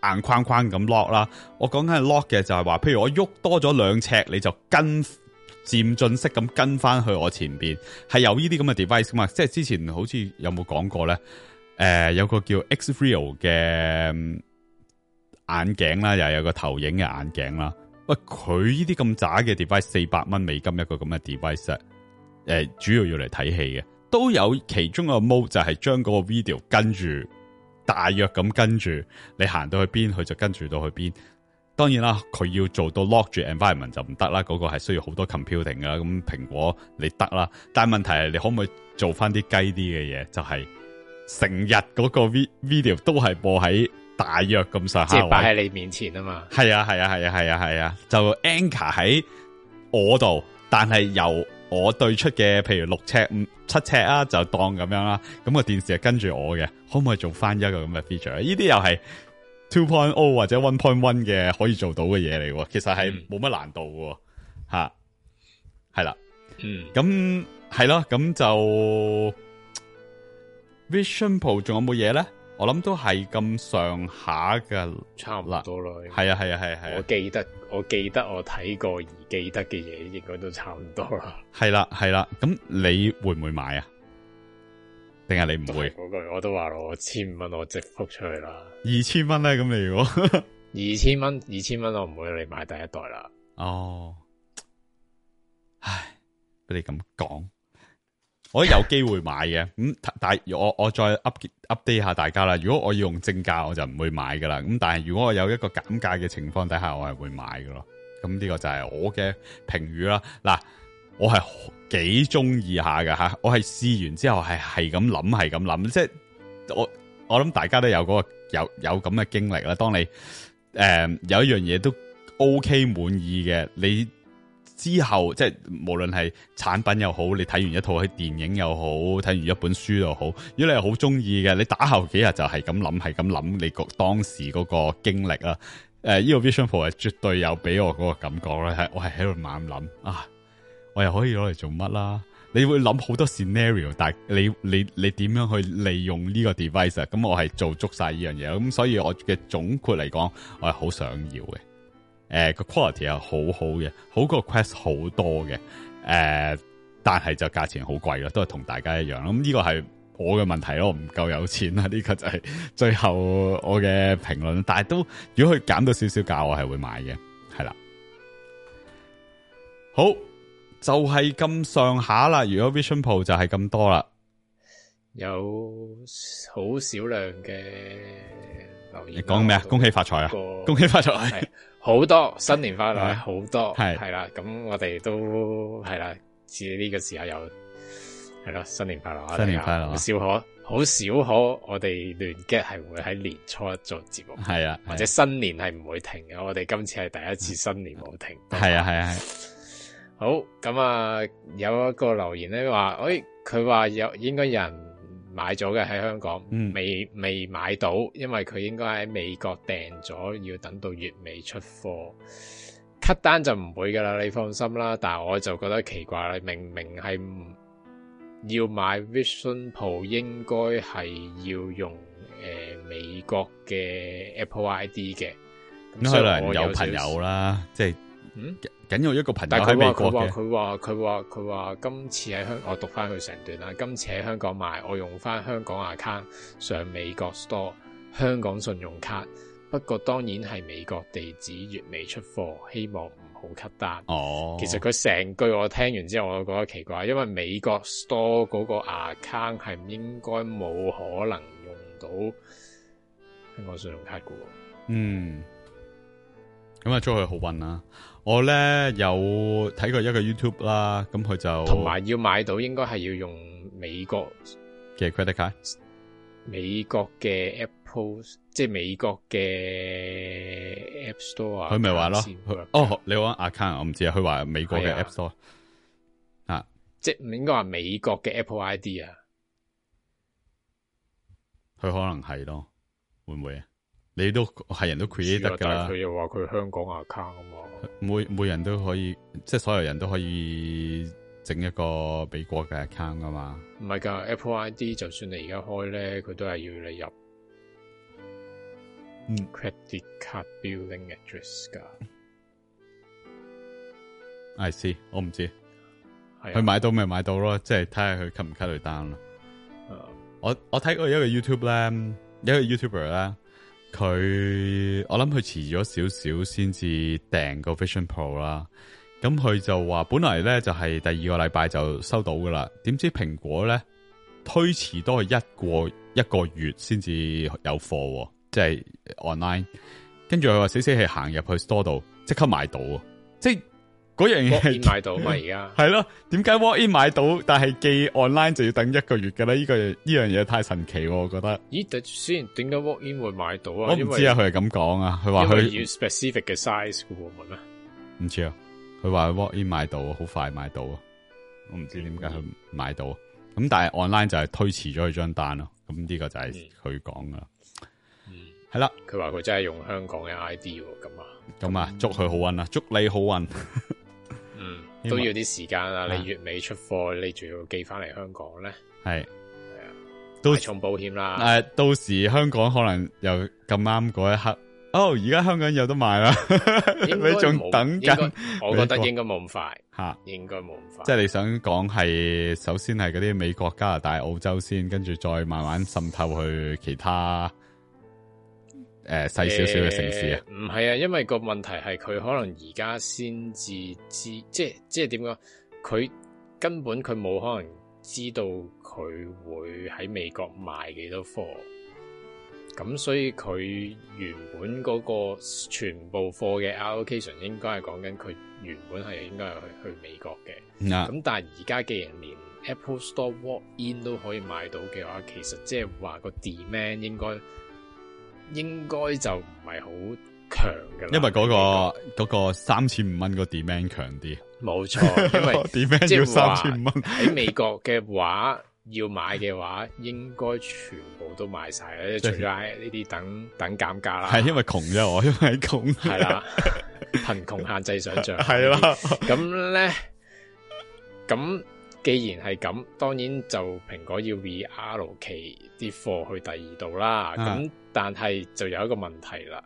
到硬框框咁 lock 啦，我講緊係 lock 嘅就係話，譬如我喐多咗兩尺，你就跟。漸進式咁跟翻去我前邊，係有呢啲咁嘅 device 嘛？即係之前好似有冇講過咧？誒、呃，有個叫 Xreal 嘅眼鏡啦，又有個投影嘅眼鏡啦。喂，佢呢啲咁渣嘅 device，四百蚊美金一個咁嘅 device，誒、呃，主要要嚟睇戲嘅，都有其中一個 mode 就係將嗰個 video 跟住，大約咁跟住你行到去邊，佢就跟住到去邊。當然啦，佢要做到 lock 住 environment 就唔得啦，嗰、嗰個係需要好多 computing 噶啦。咁蘋果你得啦，但係問題係你可唔可以做翻啲雞啲嘅嘢？就係成日嗰個 video 都係播喺大約咁上下，即係擺喺你面前啊嘛。係啊係啊係啊係啊係啊，係啊，就 anchor 喺我度，但係由我對出嘅，譬如六尺五、七尺啊，就當咁樣啦。咁、咁個電視係跟住我嘅，可唔可以做翻一個咁嘅 feature？呢啲又係。Two point O 或者 one point one 嘅可以做到嘅嘢嚟，其實係冇乜難度嘅吓，係、嗯、啦，咁係咯，咁、嗯、就 Vision Pro 仲有冇嘢咧？我諗都係咁上下嘅，差唔多咯。係啊，係啊，係啊。係我,我記得我記得我睇過而記得嘅嘢，應該都差唔多啦。係啦，係啦，咁你會唔會買啊？定係你唔會嗰句，我都話咯，千五蚊我直撲出去啦，二千蚊咧咁如喎，二千蚊 <laughs> 二千蚊我唔會你買第一代啦，哦，唉，俾你咁講，我都有機會買嘅，咁 <laughs> 但係我我再 up, update update 下大家啦，如果我要用正價我就唔會買噶啦，咁但係如果我有一個減價嘅情況底下，我係會買噶咯，咁呢個就係我嘅評語啦，嗱。我係幾中意下嘅吓，我係試完之後係係咁諗，係咁諗，即係我我諗大家都有嗰個有有咁嘅經歷啦。當你誒有一樣嘢都 OK 滿意嘅，你之後即係無論係產品又好，你睇完一套喺電影又好，睇完一本書又好，如果你係好中意嘅，你打後幾日就係咁諗，係咁諗，你當時嗰個經歷啊，誒呢個 Vision Pro 係絕對有俾我嗰個感覺咧，我係喺度猛諗啊！我又可以攞嚟做乜啦？你會諗好多 scenario，但你你你點樣去利用呢個 device？咁、啊、我係做足晒呢樣嘢，咁所以我嘅總括嚟講，我係好想要嘅。誒、呃，個 quality 係好好嘅，好過 Quest 好多嘅。誒、呃，但係就價錢好貴啦，都係同大家一樣，咁呢個係我嘅問題咯，唔夠有錢啦。呢、呢個就係最後我嘅評論。但係都如果去減到少少價，我係會買嘅。係啦，好。就係咁上下啦，如果 Vision Pro 就係咁多啦，有好少量嘅留言，啊。你講咩啊？恭喜發財啊！恭喜發財，好多新年快樂，好多係係啦。咁我哋都係啦，似呢個時候又係啦，新年快樂，新年快樂，啊。少可好少可，少可我哋聯擊係會喺年初一做節目，係啊，或者新年係唔會停嘅。我哋今次係第一次新年冇停，係啊，係啊，係，啊。好咁啊！有一個留言咧話，誒，佢話有應該有人買咗嘅喺香港，未未買到，因為佢應該喺美國訂咗，要等到月尾出貨。cut 單就唔會噶啦，你放心啦。但係我就覺得奇怪，啦明明係要買 Vision Pro，應該係要用誒美國嘅 Apple ID 嘅。咁可能有朋友啦，即係。嗯，僅有一個朋友喺美國嘅，但佢話佢話佢話佢話佢話今次喺香港，我讀翻佢成段啦。今次喺香、香港賣，我用翻香港 account，上美國 store，香港信用卡。不過當然係美國地址，月尾出貨，希望唔好 cut 單。哦，其實佢成句我聽完之後，我覺得奇怪，因為美國 store 嗰個 account c 係唔應該冇可能用到香港信用卡嘅喎。嗯，咁啊，出去好運啦。我咧，有睇過一個 YouTube 啦，咁佢就同埋要買到，應該係要用美國嘅 credit card，美國嘅 Apple 即係美國嘅 App Store，佢咪話咯，哦，你玩 account，我唔知啊，佢話美國嘅 App Store 啊，即係唔應該話美國嘅 Apple ID 啊，佢可能係咯，會唔會啊？你都係人都 create 得噶啦，佢、啊、又話佢香港 account 啊嘛，每每人都可以，即係所有人都可以整一個美國嘅 account 啊嘛。唔係噶，Apple ID 就算你而家開咧，佢都係要你入 credit card billing address 噶、嗯。I see 我唔知，佢、啊、買到咪買到咯，即係睇下佢吸唔吸到單咯。我我睇過一個 YouTube 咧，一個 YouTuber 啦佢我諗佢遲咗少少先至訂個 Vision Pro 啦，咁佢就話本來咧就係、是、第二個禮拜就收到噶啦，點知蘋果咧推遲多一個一個月先至有貨，即、就、係、是、online，跟住佢話死死氣行入去 store 度即刻買到，即係。嗰樣嘢係買到咪而家係咯，點解 Walk In 買到，但係寄 online 就要等一個月嘅咧？呢、這個呢樣嘢太神奇，我覺得。咦，突然點解 Walk In 會買到啊？我唔知啊，佢係咁講啊，佢話佢要 specific 嘅 size 嘅貨品啊。唔知啊，佢話 Walk In 買到，好快買到啊。我唔知點解佢買到，啊咁但係 online 就係推遲咗佢張單咯。咁呢個就係佢講噶啦。嗯，係、嗯、啦，佢話佢真係用香港嘅 ID 喎，咁啊，咁啊，祝佢好運啊，祝你好運。嗯 <laughs> 都要啲時間啊！你月尾出貨，你仲要寄翻嚟香港咧？係係啊，都重保險啦。誒、啊,到時香港可能又咁啱嗰一刻。哦,而家香港有得賣啦， <laughs> 你仲等緊？我覺得應該冇咁快吓，應該冇咁快。即係你想講係，首先係嗰啲美國、加拿大、澳洲先，跟住再慢慢滲透去其他。誒，細少少嘅城市啊，唔、呃、係啊，因為個問題係佢可能而家先至知，即係即係點講，佢根本佢冇可能知道佢會喺美國賣幾多貨，咁所以佢原本嗰個全部貨嘅 allocation 應該係講緊佢原本係應該係去去美國嘅，咁、yeah. 但係而家既然連 Apple Store walk in 都可以買到嘅話，其實即係話個 demand 應該。應該就唔係好強嘅啦，因為嗰個嗰個三千五蚊個 demand 強啲，冇錯，因為 demand 要三千五蚊喺美國嘅話，要買嘅話，應該全部都買晒啦，除咗呢啲等等減價啦，係因為窮啫，我因為窮係啦，貧窮限制想象，係啦，咁咧，咁。既然係咁，當然就蘋果要 VR 期啲貨去第二度啦。咁但係就有一個問題啦，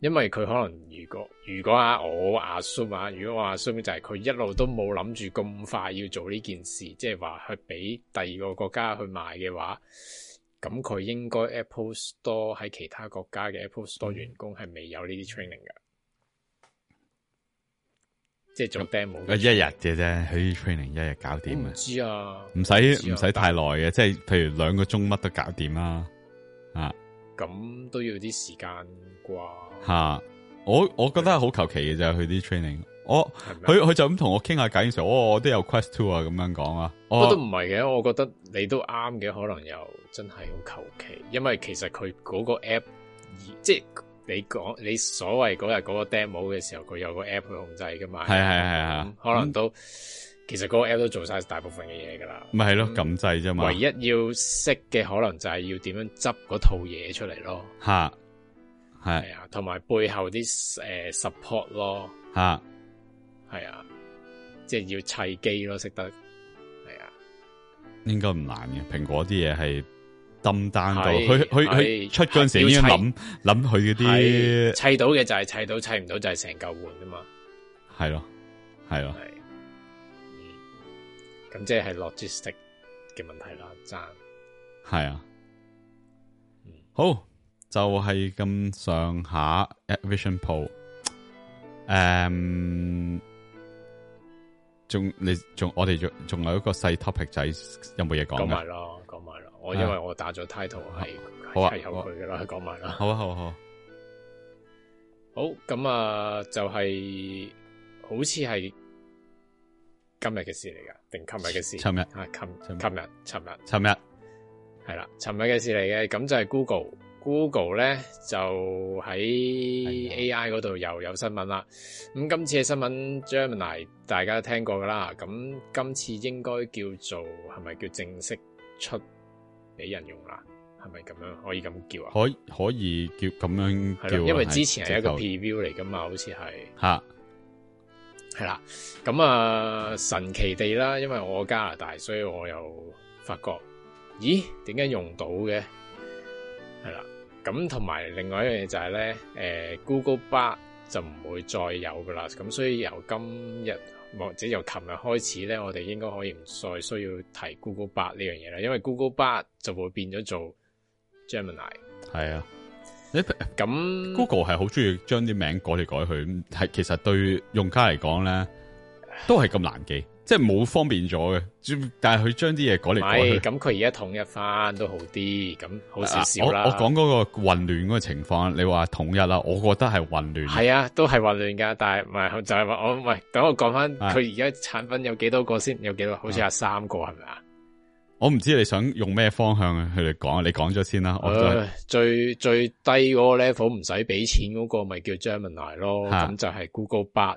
因為佢可能如果如果啊我 assume，如果我 assume 就係佢一路都冇諗住咁快要做呢件事，即係話去俾第二個國家去賣嘅話，咁佢應該 Apple Store 喺其他國家嘅 Apple Store 員工係未有呢啲 training 嘅。即係做 demo，一日嘅啫，佢啲 training 一日搞掂啊！唔知啊，唔使唔使太耐嘅，即係譬如兩個鐘乜都搞掂啦，啊！咁都要啲時間啩？吓，我我覺得係好求其嘅就係佢啲 training，我佢佢就咁同我傾下偈時候，哦，我都有 quest two 啊，咁樣講啊，我都唔係嘅，我覺得你都啱嘅，可能又真係好求其，因為其實佢嗰個 app 即係。你講你所謂嗰日嗰個 demo 嘅時候，佢有個 app 去控制噶嘛？係係係係，可能都、嗯、其實嗰個 app 都做晒大部分嘅嘢噶啦。咪係咯，撳掣啫嘛。唯一要識嘅可能就係要點樣執嗰套嘢出嚟咯。吓係啊，同埋背後啲誒、呃、support 咯。吓係啊，即係要砌機咯，識得係啊，應該唔難嘅。蘋果啲嘢係。咁單到，佢佢佢出嗰陣時已經諗諗佢嗰啲砌到嘅，就係砌到，砌唔到就係成嚿換啊嘛。係咯，係咯，係。咁即係 logistic 嘅問題啦，讚。係啊，好就係咁上下 Vision Pro。誒，仲你仲我哋仲仲有一個細 topic 仔有冇嘢講噶？我、啊、因為我打咗 title 係係、啊、有佢噶啦，講埋啦。好啊，好，好、就是，好咁啊，就係好似係今日嘅事嚟噶，定今日嘅事？琴日啊，琴琴日，琴日，琴日係啦，琴日嘅事嚟嘅。咁就係 Google，Google 咧就喺 A. I. 嗰度又有新聞啦。咁今次嘅新聞 Gemini 大家都聽過噶啦。咁今次應該叫做係咪叫正式出？俾人用啦，係咪咁樣？可以咁叫啊？可可以叫咁樣叫啊？係咯，因為之前係一個 preview 嚟噶嘛，好似係吓係啦。咁啊，神奇地啦，因為我加拿大，所以我又發覺，咦，點解用到嘅？係啦，咁同埋另外一樣嘢就係咧，誒，Google Bard 就唔會再有噶啦。咁所以由今日，或者由琴日開始咧，我哋應該可以唔再需要提 Google 八呢樣嘢啦，因為 Google 八就會變咗做 Gemini，係啊，咁、欸、Google 係好中意將啲名改嚟改去，其實對用家嚟講咧，都係咁難記。即係冇方便咗嘅，但係佢將啲嘢改嚟改去。咁佢而家統一翻都好啲，咁好少少啦。我我講嗰個混亂嗰個情況，你話統一啦，我覺得係混亂。係啊，都係混亂噶，但係唔係就係、係、話我唔係。等我講翻佢而家產品有幾多個先？有幾多？好似有三個係咪啊，啊？我唔知你想用咩方向去嚟講啊？你講咗先啦。最最低嗰個 level 唔使俾錢嗰個咪叫 Gemini 咯，咁就係 Google 八。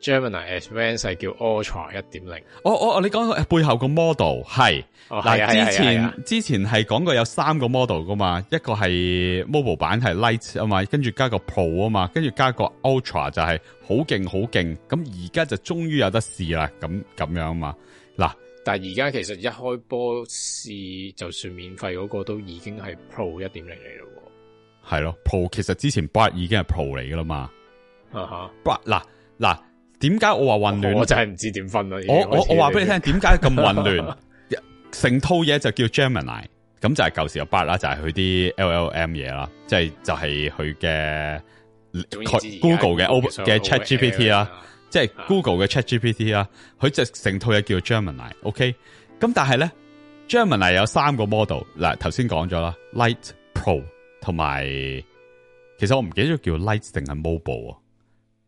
Gemini Advanced 係叫 Ultra 一點零，哦哦哦，你講個背後個 model 係，嗱，之前、啊啊啊、之前係講過有三個 model 噶嘛，一個係 mobile 版係 Lite 啊嘛，跟住加個 Pro 啊嘛，跟住加個 Ultra 就係好勁好勁，咁而家就終於有得試啦，咁咁樣啊嘛，嗱，但係而家其實一開波試，就算免費嗰個都已經係 Pro 一點零嚟咯，係咯、啊、Pro 其實之前 Bard 已經係 Pro 嚟噶啦嘛，啊、uh、哈 -huh.，But 嗱嗱。點解我話混亂、哦？我就係唔知點分我我我話俾你聽，點解咁混亂？成 <laughs> 套嘢就叫 Gemini，咁就係舊時嘅 Bard 啦，就係佢啲 LLM 嘢啦，即係就係佢嘅 Google 嘅嘅 ChatGPT 啦、啊，即係 Google 嘅 ChatGPT 啦，佢就成套嘢叫 Gemini okay？OK，咁但係咧，Gemini 有三個 model，嗱頭先講咗啦，Light、Pro 同埋，其實我唔記得咗叫 Light 定係 Mobile 啊。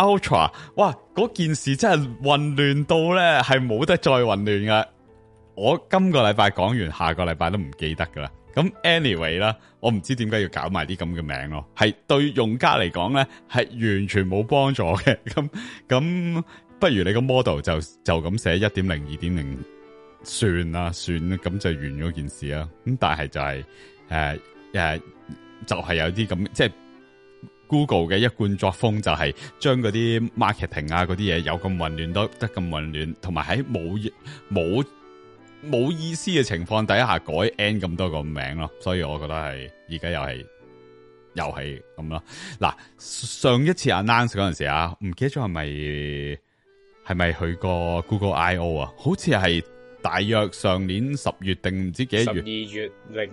Ultra，哇！嗰件事真係混亂到咧，係冇得再混亂噶。我今個禮拜講完，下個禮拜都唔記得噶啦。咁 anyway 啦，我唔知點解要搞埋啲咁嘅名咯，係對用家嚟講咧，係完全冇幫助嘅。咁咁，不如你個 model 就就咁寫一點零，二點零，算啦算啦，咁就完咗件事啦。咁但係就係誒誒，就係、是、有啲咁即係。就是 Google 嘅一貫作風就係將嗰啲 marketing 啊嗰啲嘢有咁混亂都得咁混亂，同埋喺冇冇冇意思嘅情況底下改 n 咁多個名咯，所以我覺得係而家又係又係咁咯。嗱，上一次 announce 嗰陣時啊，唔記得咗係咪係咪去過 Google I O 啊？好似係大約上年十月定唔知幾多月十二月零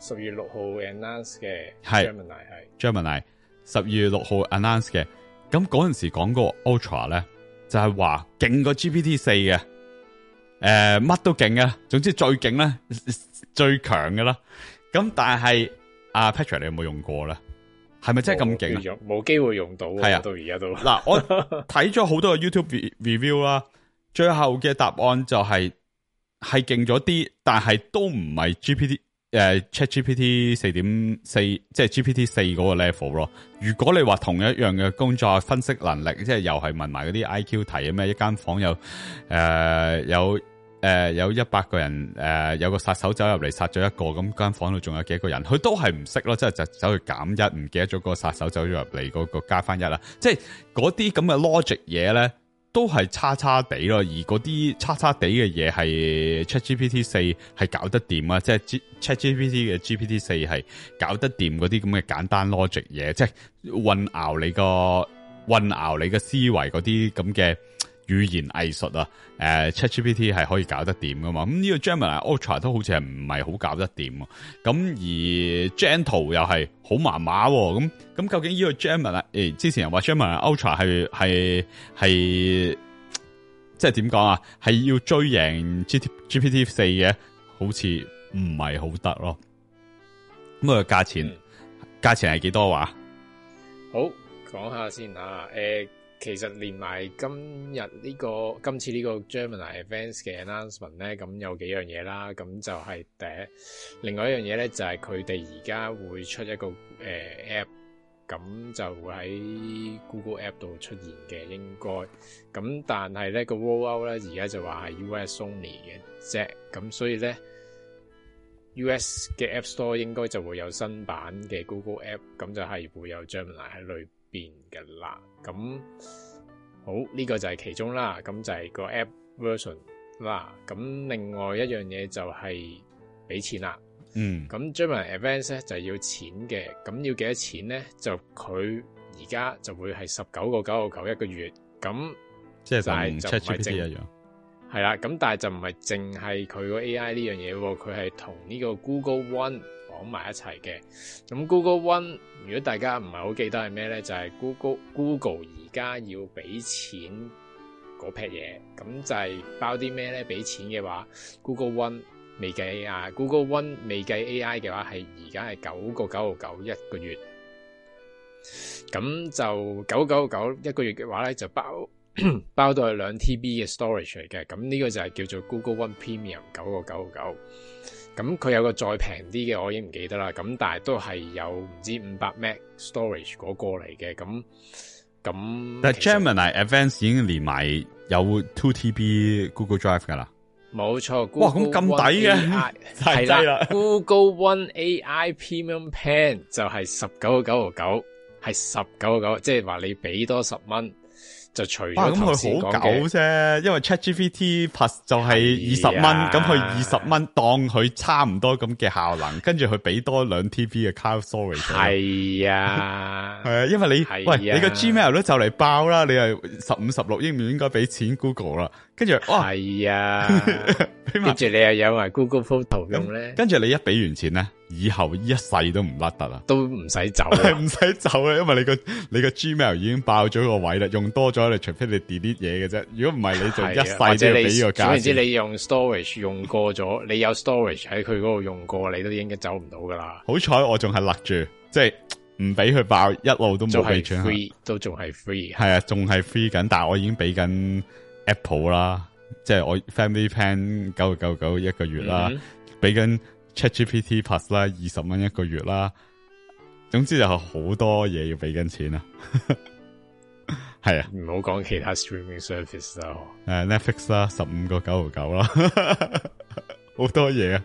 十月六號 announce 嘅，係 Gemini 係 Gemini 十二月六號 announce 嘅，咁嗰陣時講個 Ultra 咧，就係話勁過 GPT 四嘅，誒、呃、乜都勁啊，總之最勁咧，最強嘅啦。咁但係阿、啊、Patrick 你有冇用過咧？係咪真係咁勁？冇機會用到，係啊，啊到而家都。嗱， <laughs> 我睇咗好多個 YouTube review 啦，最後嘅答案就係係勁咗啲，但係都唔係 GPT。誒，ChatGPT 四點四，即係 GPT 四嗰個 level 咯。如果你話同一樣嘅工作分析能力，即係又係問埋嗰啲 IQ 題啊咩？一間房有誒、uh, 有誒、uh, 有一百個人誒、uh, 有個殺手走入嚟殺咗一個，咁間房度仲有幾個人？佢都係唔識咯，即係就走去減一，唔記得咗個殺手走咗入嚟，嗰、那個加翻一啦。即係嗰啲咁嘅 logic 嘢咧。都係差差地咯，而嗰啲差差地嘅嘢係 ChatGPT 四係搞得掂啊，即係 G, ChatGPT 嘅 GPT 四係搞得掂嗰啲咁嘅簡單 logic 嘢，即係混淆你個混淆你個思維嗰啲咁嘅。語言藝術啊、呃、ChatGPT 係可以搞得掂噶嘛？咁呢個 Gemini Ultra 都好似係唔係好搞得掂？咁而 gentle 又係好麻麻喎。咁咁究竟呢個 Gemini 誒、欸、之前又話 Gemini Ultra 係係係即係點講啊？係要追贏 G G P T 四嘅，好似唔係好得咯。咁啊，價錢、嗯、價錢係幾多話？好，講下先啊，誒。其實連埋今日呢、這個今次個呢個 Gemini Advanced 嘅 announcement 咧，咁有幾樣嘢啦，咁就係誒另外一樣嘢咧，就係佢哋而家會出一個、呃、app，咁就喺 Google App 度出現嘅應該，咁但係咧、那個 roll out 咧而家就話係 US only 嘅啫，咁所以咧 US 嘅 App Store 應該就會有新版嘅 Google App，咁就係會有 Gemini 喺裏面。啦，咁好呢、呢個就係其中啦，咁就係個 app version 啦，咁另外一樣嘢就係俾錢啦，嗯，咁 Gemini Advanced 咧就是、要錢嘅，咁要幾多錢咧就佢而家就會係十九個九個九一個月，咁即係就唔係淨一樣，係啦，咁但係就唔係淨係佢個 AI 呢樣嘢，佢係同呢個 Google One。講埋一齊嘅，咁 Google One 如果大家唔係好記得係咩咧？就係、是、Google Google 而家要俾錢嗰批嘢，咁就係包啲咩咧？俾錢嘅話，Google One 未計 AI，Google One 未計 AI 嘅話係而家係九個九毫九一個月，咁就九九九一個月嘅話咧就包 <coughs> 包到係兩 TB 嘅 storage 嚟嘅，咁呢個就係叫做 Google One Premium 九個九毫九。咁佢有個再平啲嘅，我已經唔記得啦。咁但係都係有唔知五百 Mac storage 嗰個嚟嘅。咁咁，但係 Gemini Advanced 已經連埋有 Two TB Google Drive 噶 <laughs> 對啦。冇錯，哇！咁咁抵嘅，係啦。Google One AI Premium Pen 就係十九個九個九，係十九個九，即係話你俾多十蚊。就隨咁佢好狗啫，因為 ChatGPT Plus 就係二十蚊，咁佢二十蚊當佢差唔多咁嘅效能，跟住佢俾多兩 t v 嘅 card s t o r y g 係啊，係啊， <laughs> 啊，因為你、啊、喂你個 gmail 都就嚟包啦，你係十五十六億唔應該俾錢 Google 啦。跟住，係啊， <laughs> 跟住你又有埋 Google Photo 用咧。跟住你一俾完錢咧，以後一世都唔甩得啦。都唔使走、啊，唔使走啦，因為你個你個 Gmail 已經爆咗個位啦，用多咗，你除非你 delete 啲嘢嘅啫。如果唔係，你就一世都要俾呢個價。總之、啊、你，你用 storage 用過咗， <laughs> 你有 storage 喺佢嗰度用過，你都應該走唔到噶啦。好彩我仲係勒住，即係唔俾佢爆，一路都冇俾轉。Free，都仲係 free，係啊，仲係 free 緊，但係我已經俾緊。Apple 啦，即係我 Family Plan 九九九一個月啦，俾緊 ChatGPT Plus 啦，二十蚊一個月啦，總之就係好多嘢,要俾緊錢 <laughs> 啊，係啊，唔好講其他 Streaming Service 啦，誒、uh, Netflix 啦，十五個九毫九啦，好 <laughs> 多嘢啊，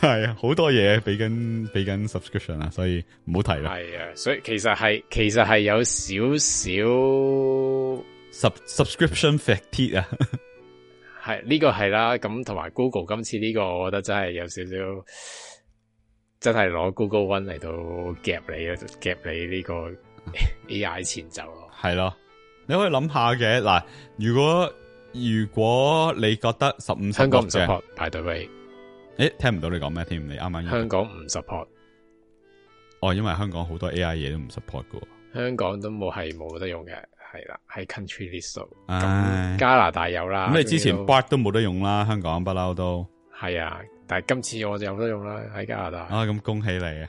係 <laughs> 啊，好多嘢俾緊俾緊 subscription 啊，所以唔好提啦，係啊，所以其實係其實係有少少。sub subscription fatigue 啊，係呢個係啦，咁同埋 Google 今次呢個，我覺得真係有少少，真係攞 Google One 嚟到夾你啊，夾你呢個 AI 前奏咯。係 <laughs> 咯，你可以諗下嘅嗱，如果如果，如果你覺得十五香港唔 support 排隊位，誒，聽唔到你講咩添？聽唔到你啱啱香港唔 support，哦，因為香港好多 AI 嘢都唔 support 嘅，香港都冇係冇得用嘅。係啦，喺 Country List、哎、加拿大有啦。嗯、你之前 Bard 都冇得用啦，香港不嬲都係啊。但係今次我就有得用啦，喺加拿大啊。咁恭喜你啊，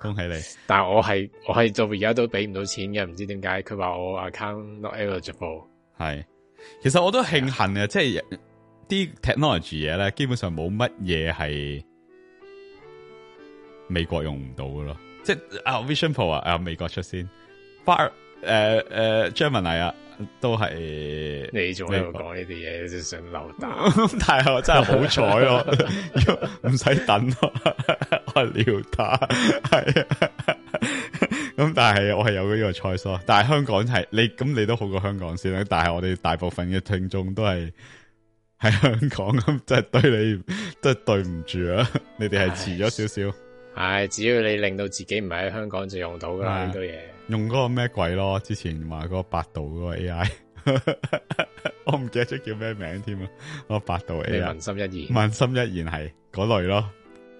恭喜你！但係我係我係做而家都俾唔到錢嘅，唔知點解佢話我 Account Not Eligible。係，其實我都慶幸啊，即係啲 technology 嘢咧，基本上冇乜嘢係美國用唔到噶咯。即係啊，Vision Pro 啊，美國出先 f a r 誒誒，張文嚟啊，都係你仲喺度講呢啲嘢，你你想溜達，但係我真係好彩咯，唔使等咯，我撩打，係啊，咁但係我係有呢個菜鎖，但係香港係、就是、你咁你都好過香港先啦，但係我哋大部分嘅聽眾都係喺香港咁，即 <laughs> 係對你即係、就是、對唔住啊，你哋係遲咗少少，係只要你令到自己唔係喺香港就用到噶啦，好多嘢。那個用嗰個咩鬼咯？之前話嗰個百度嗰個 A.I.， <laughs> 我唔記得咗叫咩名添啊。嗰個百度 A.I. 你文心一言，文心一言係嗰類咯。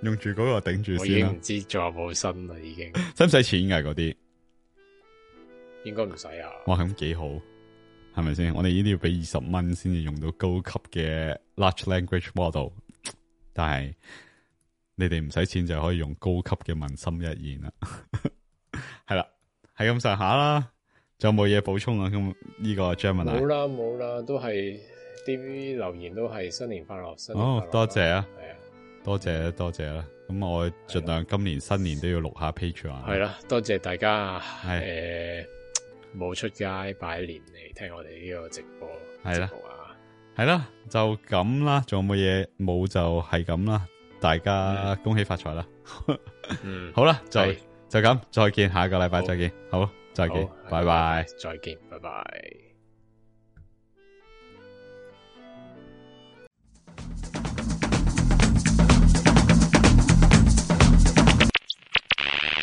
用住嗰個頂住先啦。我唔知仲有冇新啦，已經。使唔使錢噶嗰啲？應該唔使啊。哇，咁幾好，係咪先？我哋依啲要俾二十蚊先至用到高級嘅 Large Language Model，但係你哋唔使錢就可以用高級嘅文心一言啦。係 <laughs> 啦。係咁上下啦，仲有冇嘢補充啊。咁、這、呢個 Jasmine 啊，好啦好啦，都係 V 留言都係新年快樂，新年快樂哦，多謝啊，係啊，多謝多謝啦。咁、嗯、我盡量今年新年都要錄下 Patreon 啊。係啦，多謝大家。係誒，冇、呃、出街拜年嚟聽我哋呢個直播，係啦，係啦、啊，就咁啦。仲有冇嘢？冇就係咁啦。大家恭喜發財啦。 <laughs> 嗯， <laughs> 好啦，就。就咁，再見，下個禮拜再見，好，再見，拜拜，再見，拜拜。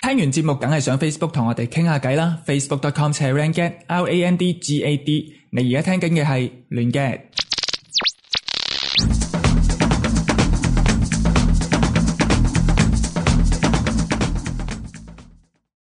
聽完節目，梗係上 Facebook 同我哋傾下偈啦，facebook.com/cranganlandgad。你而家聽緊嘅係亂 gad。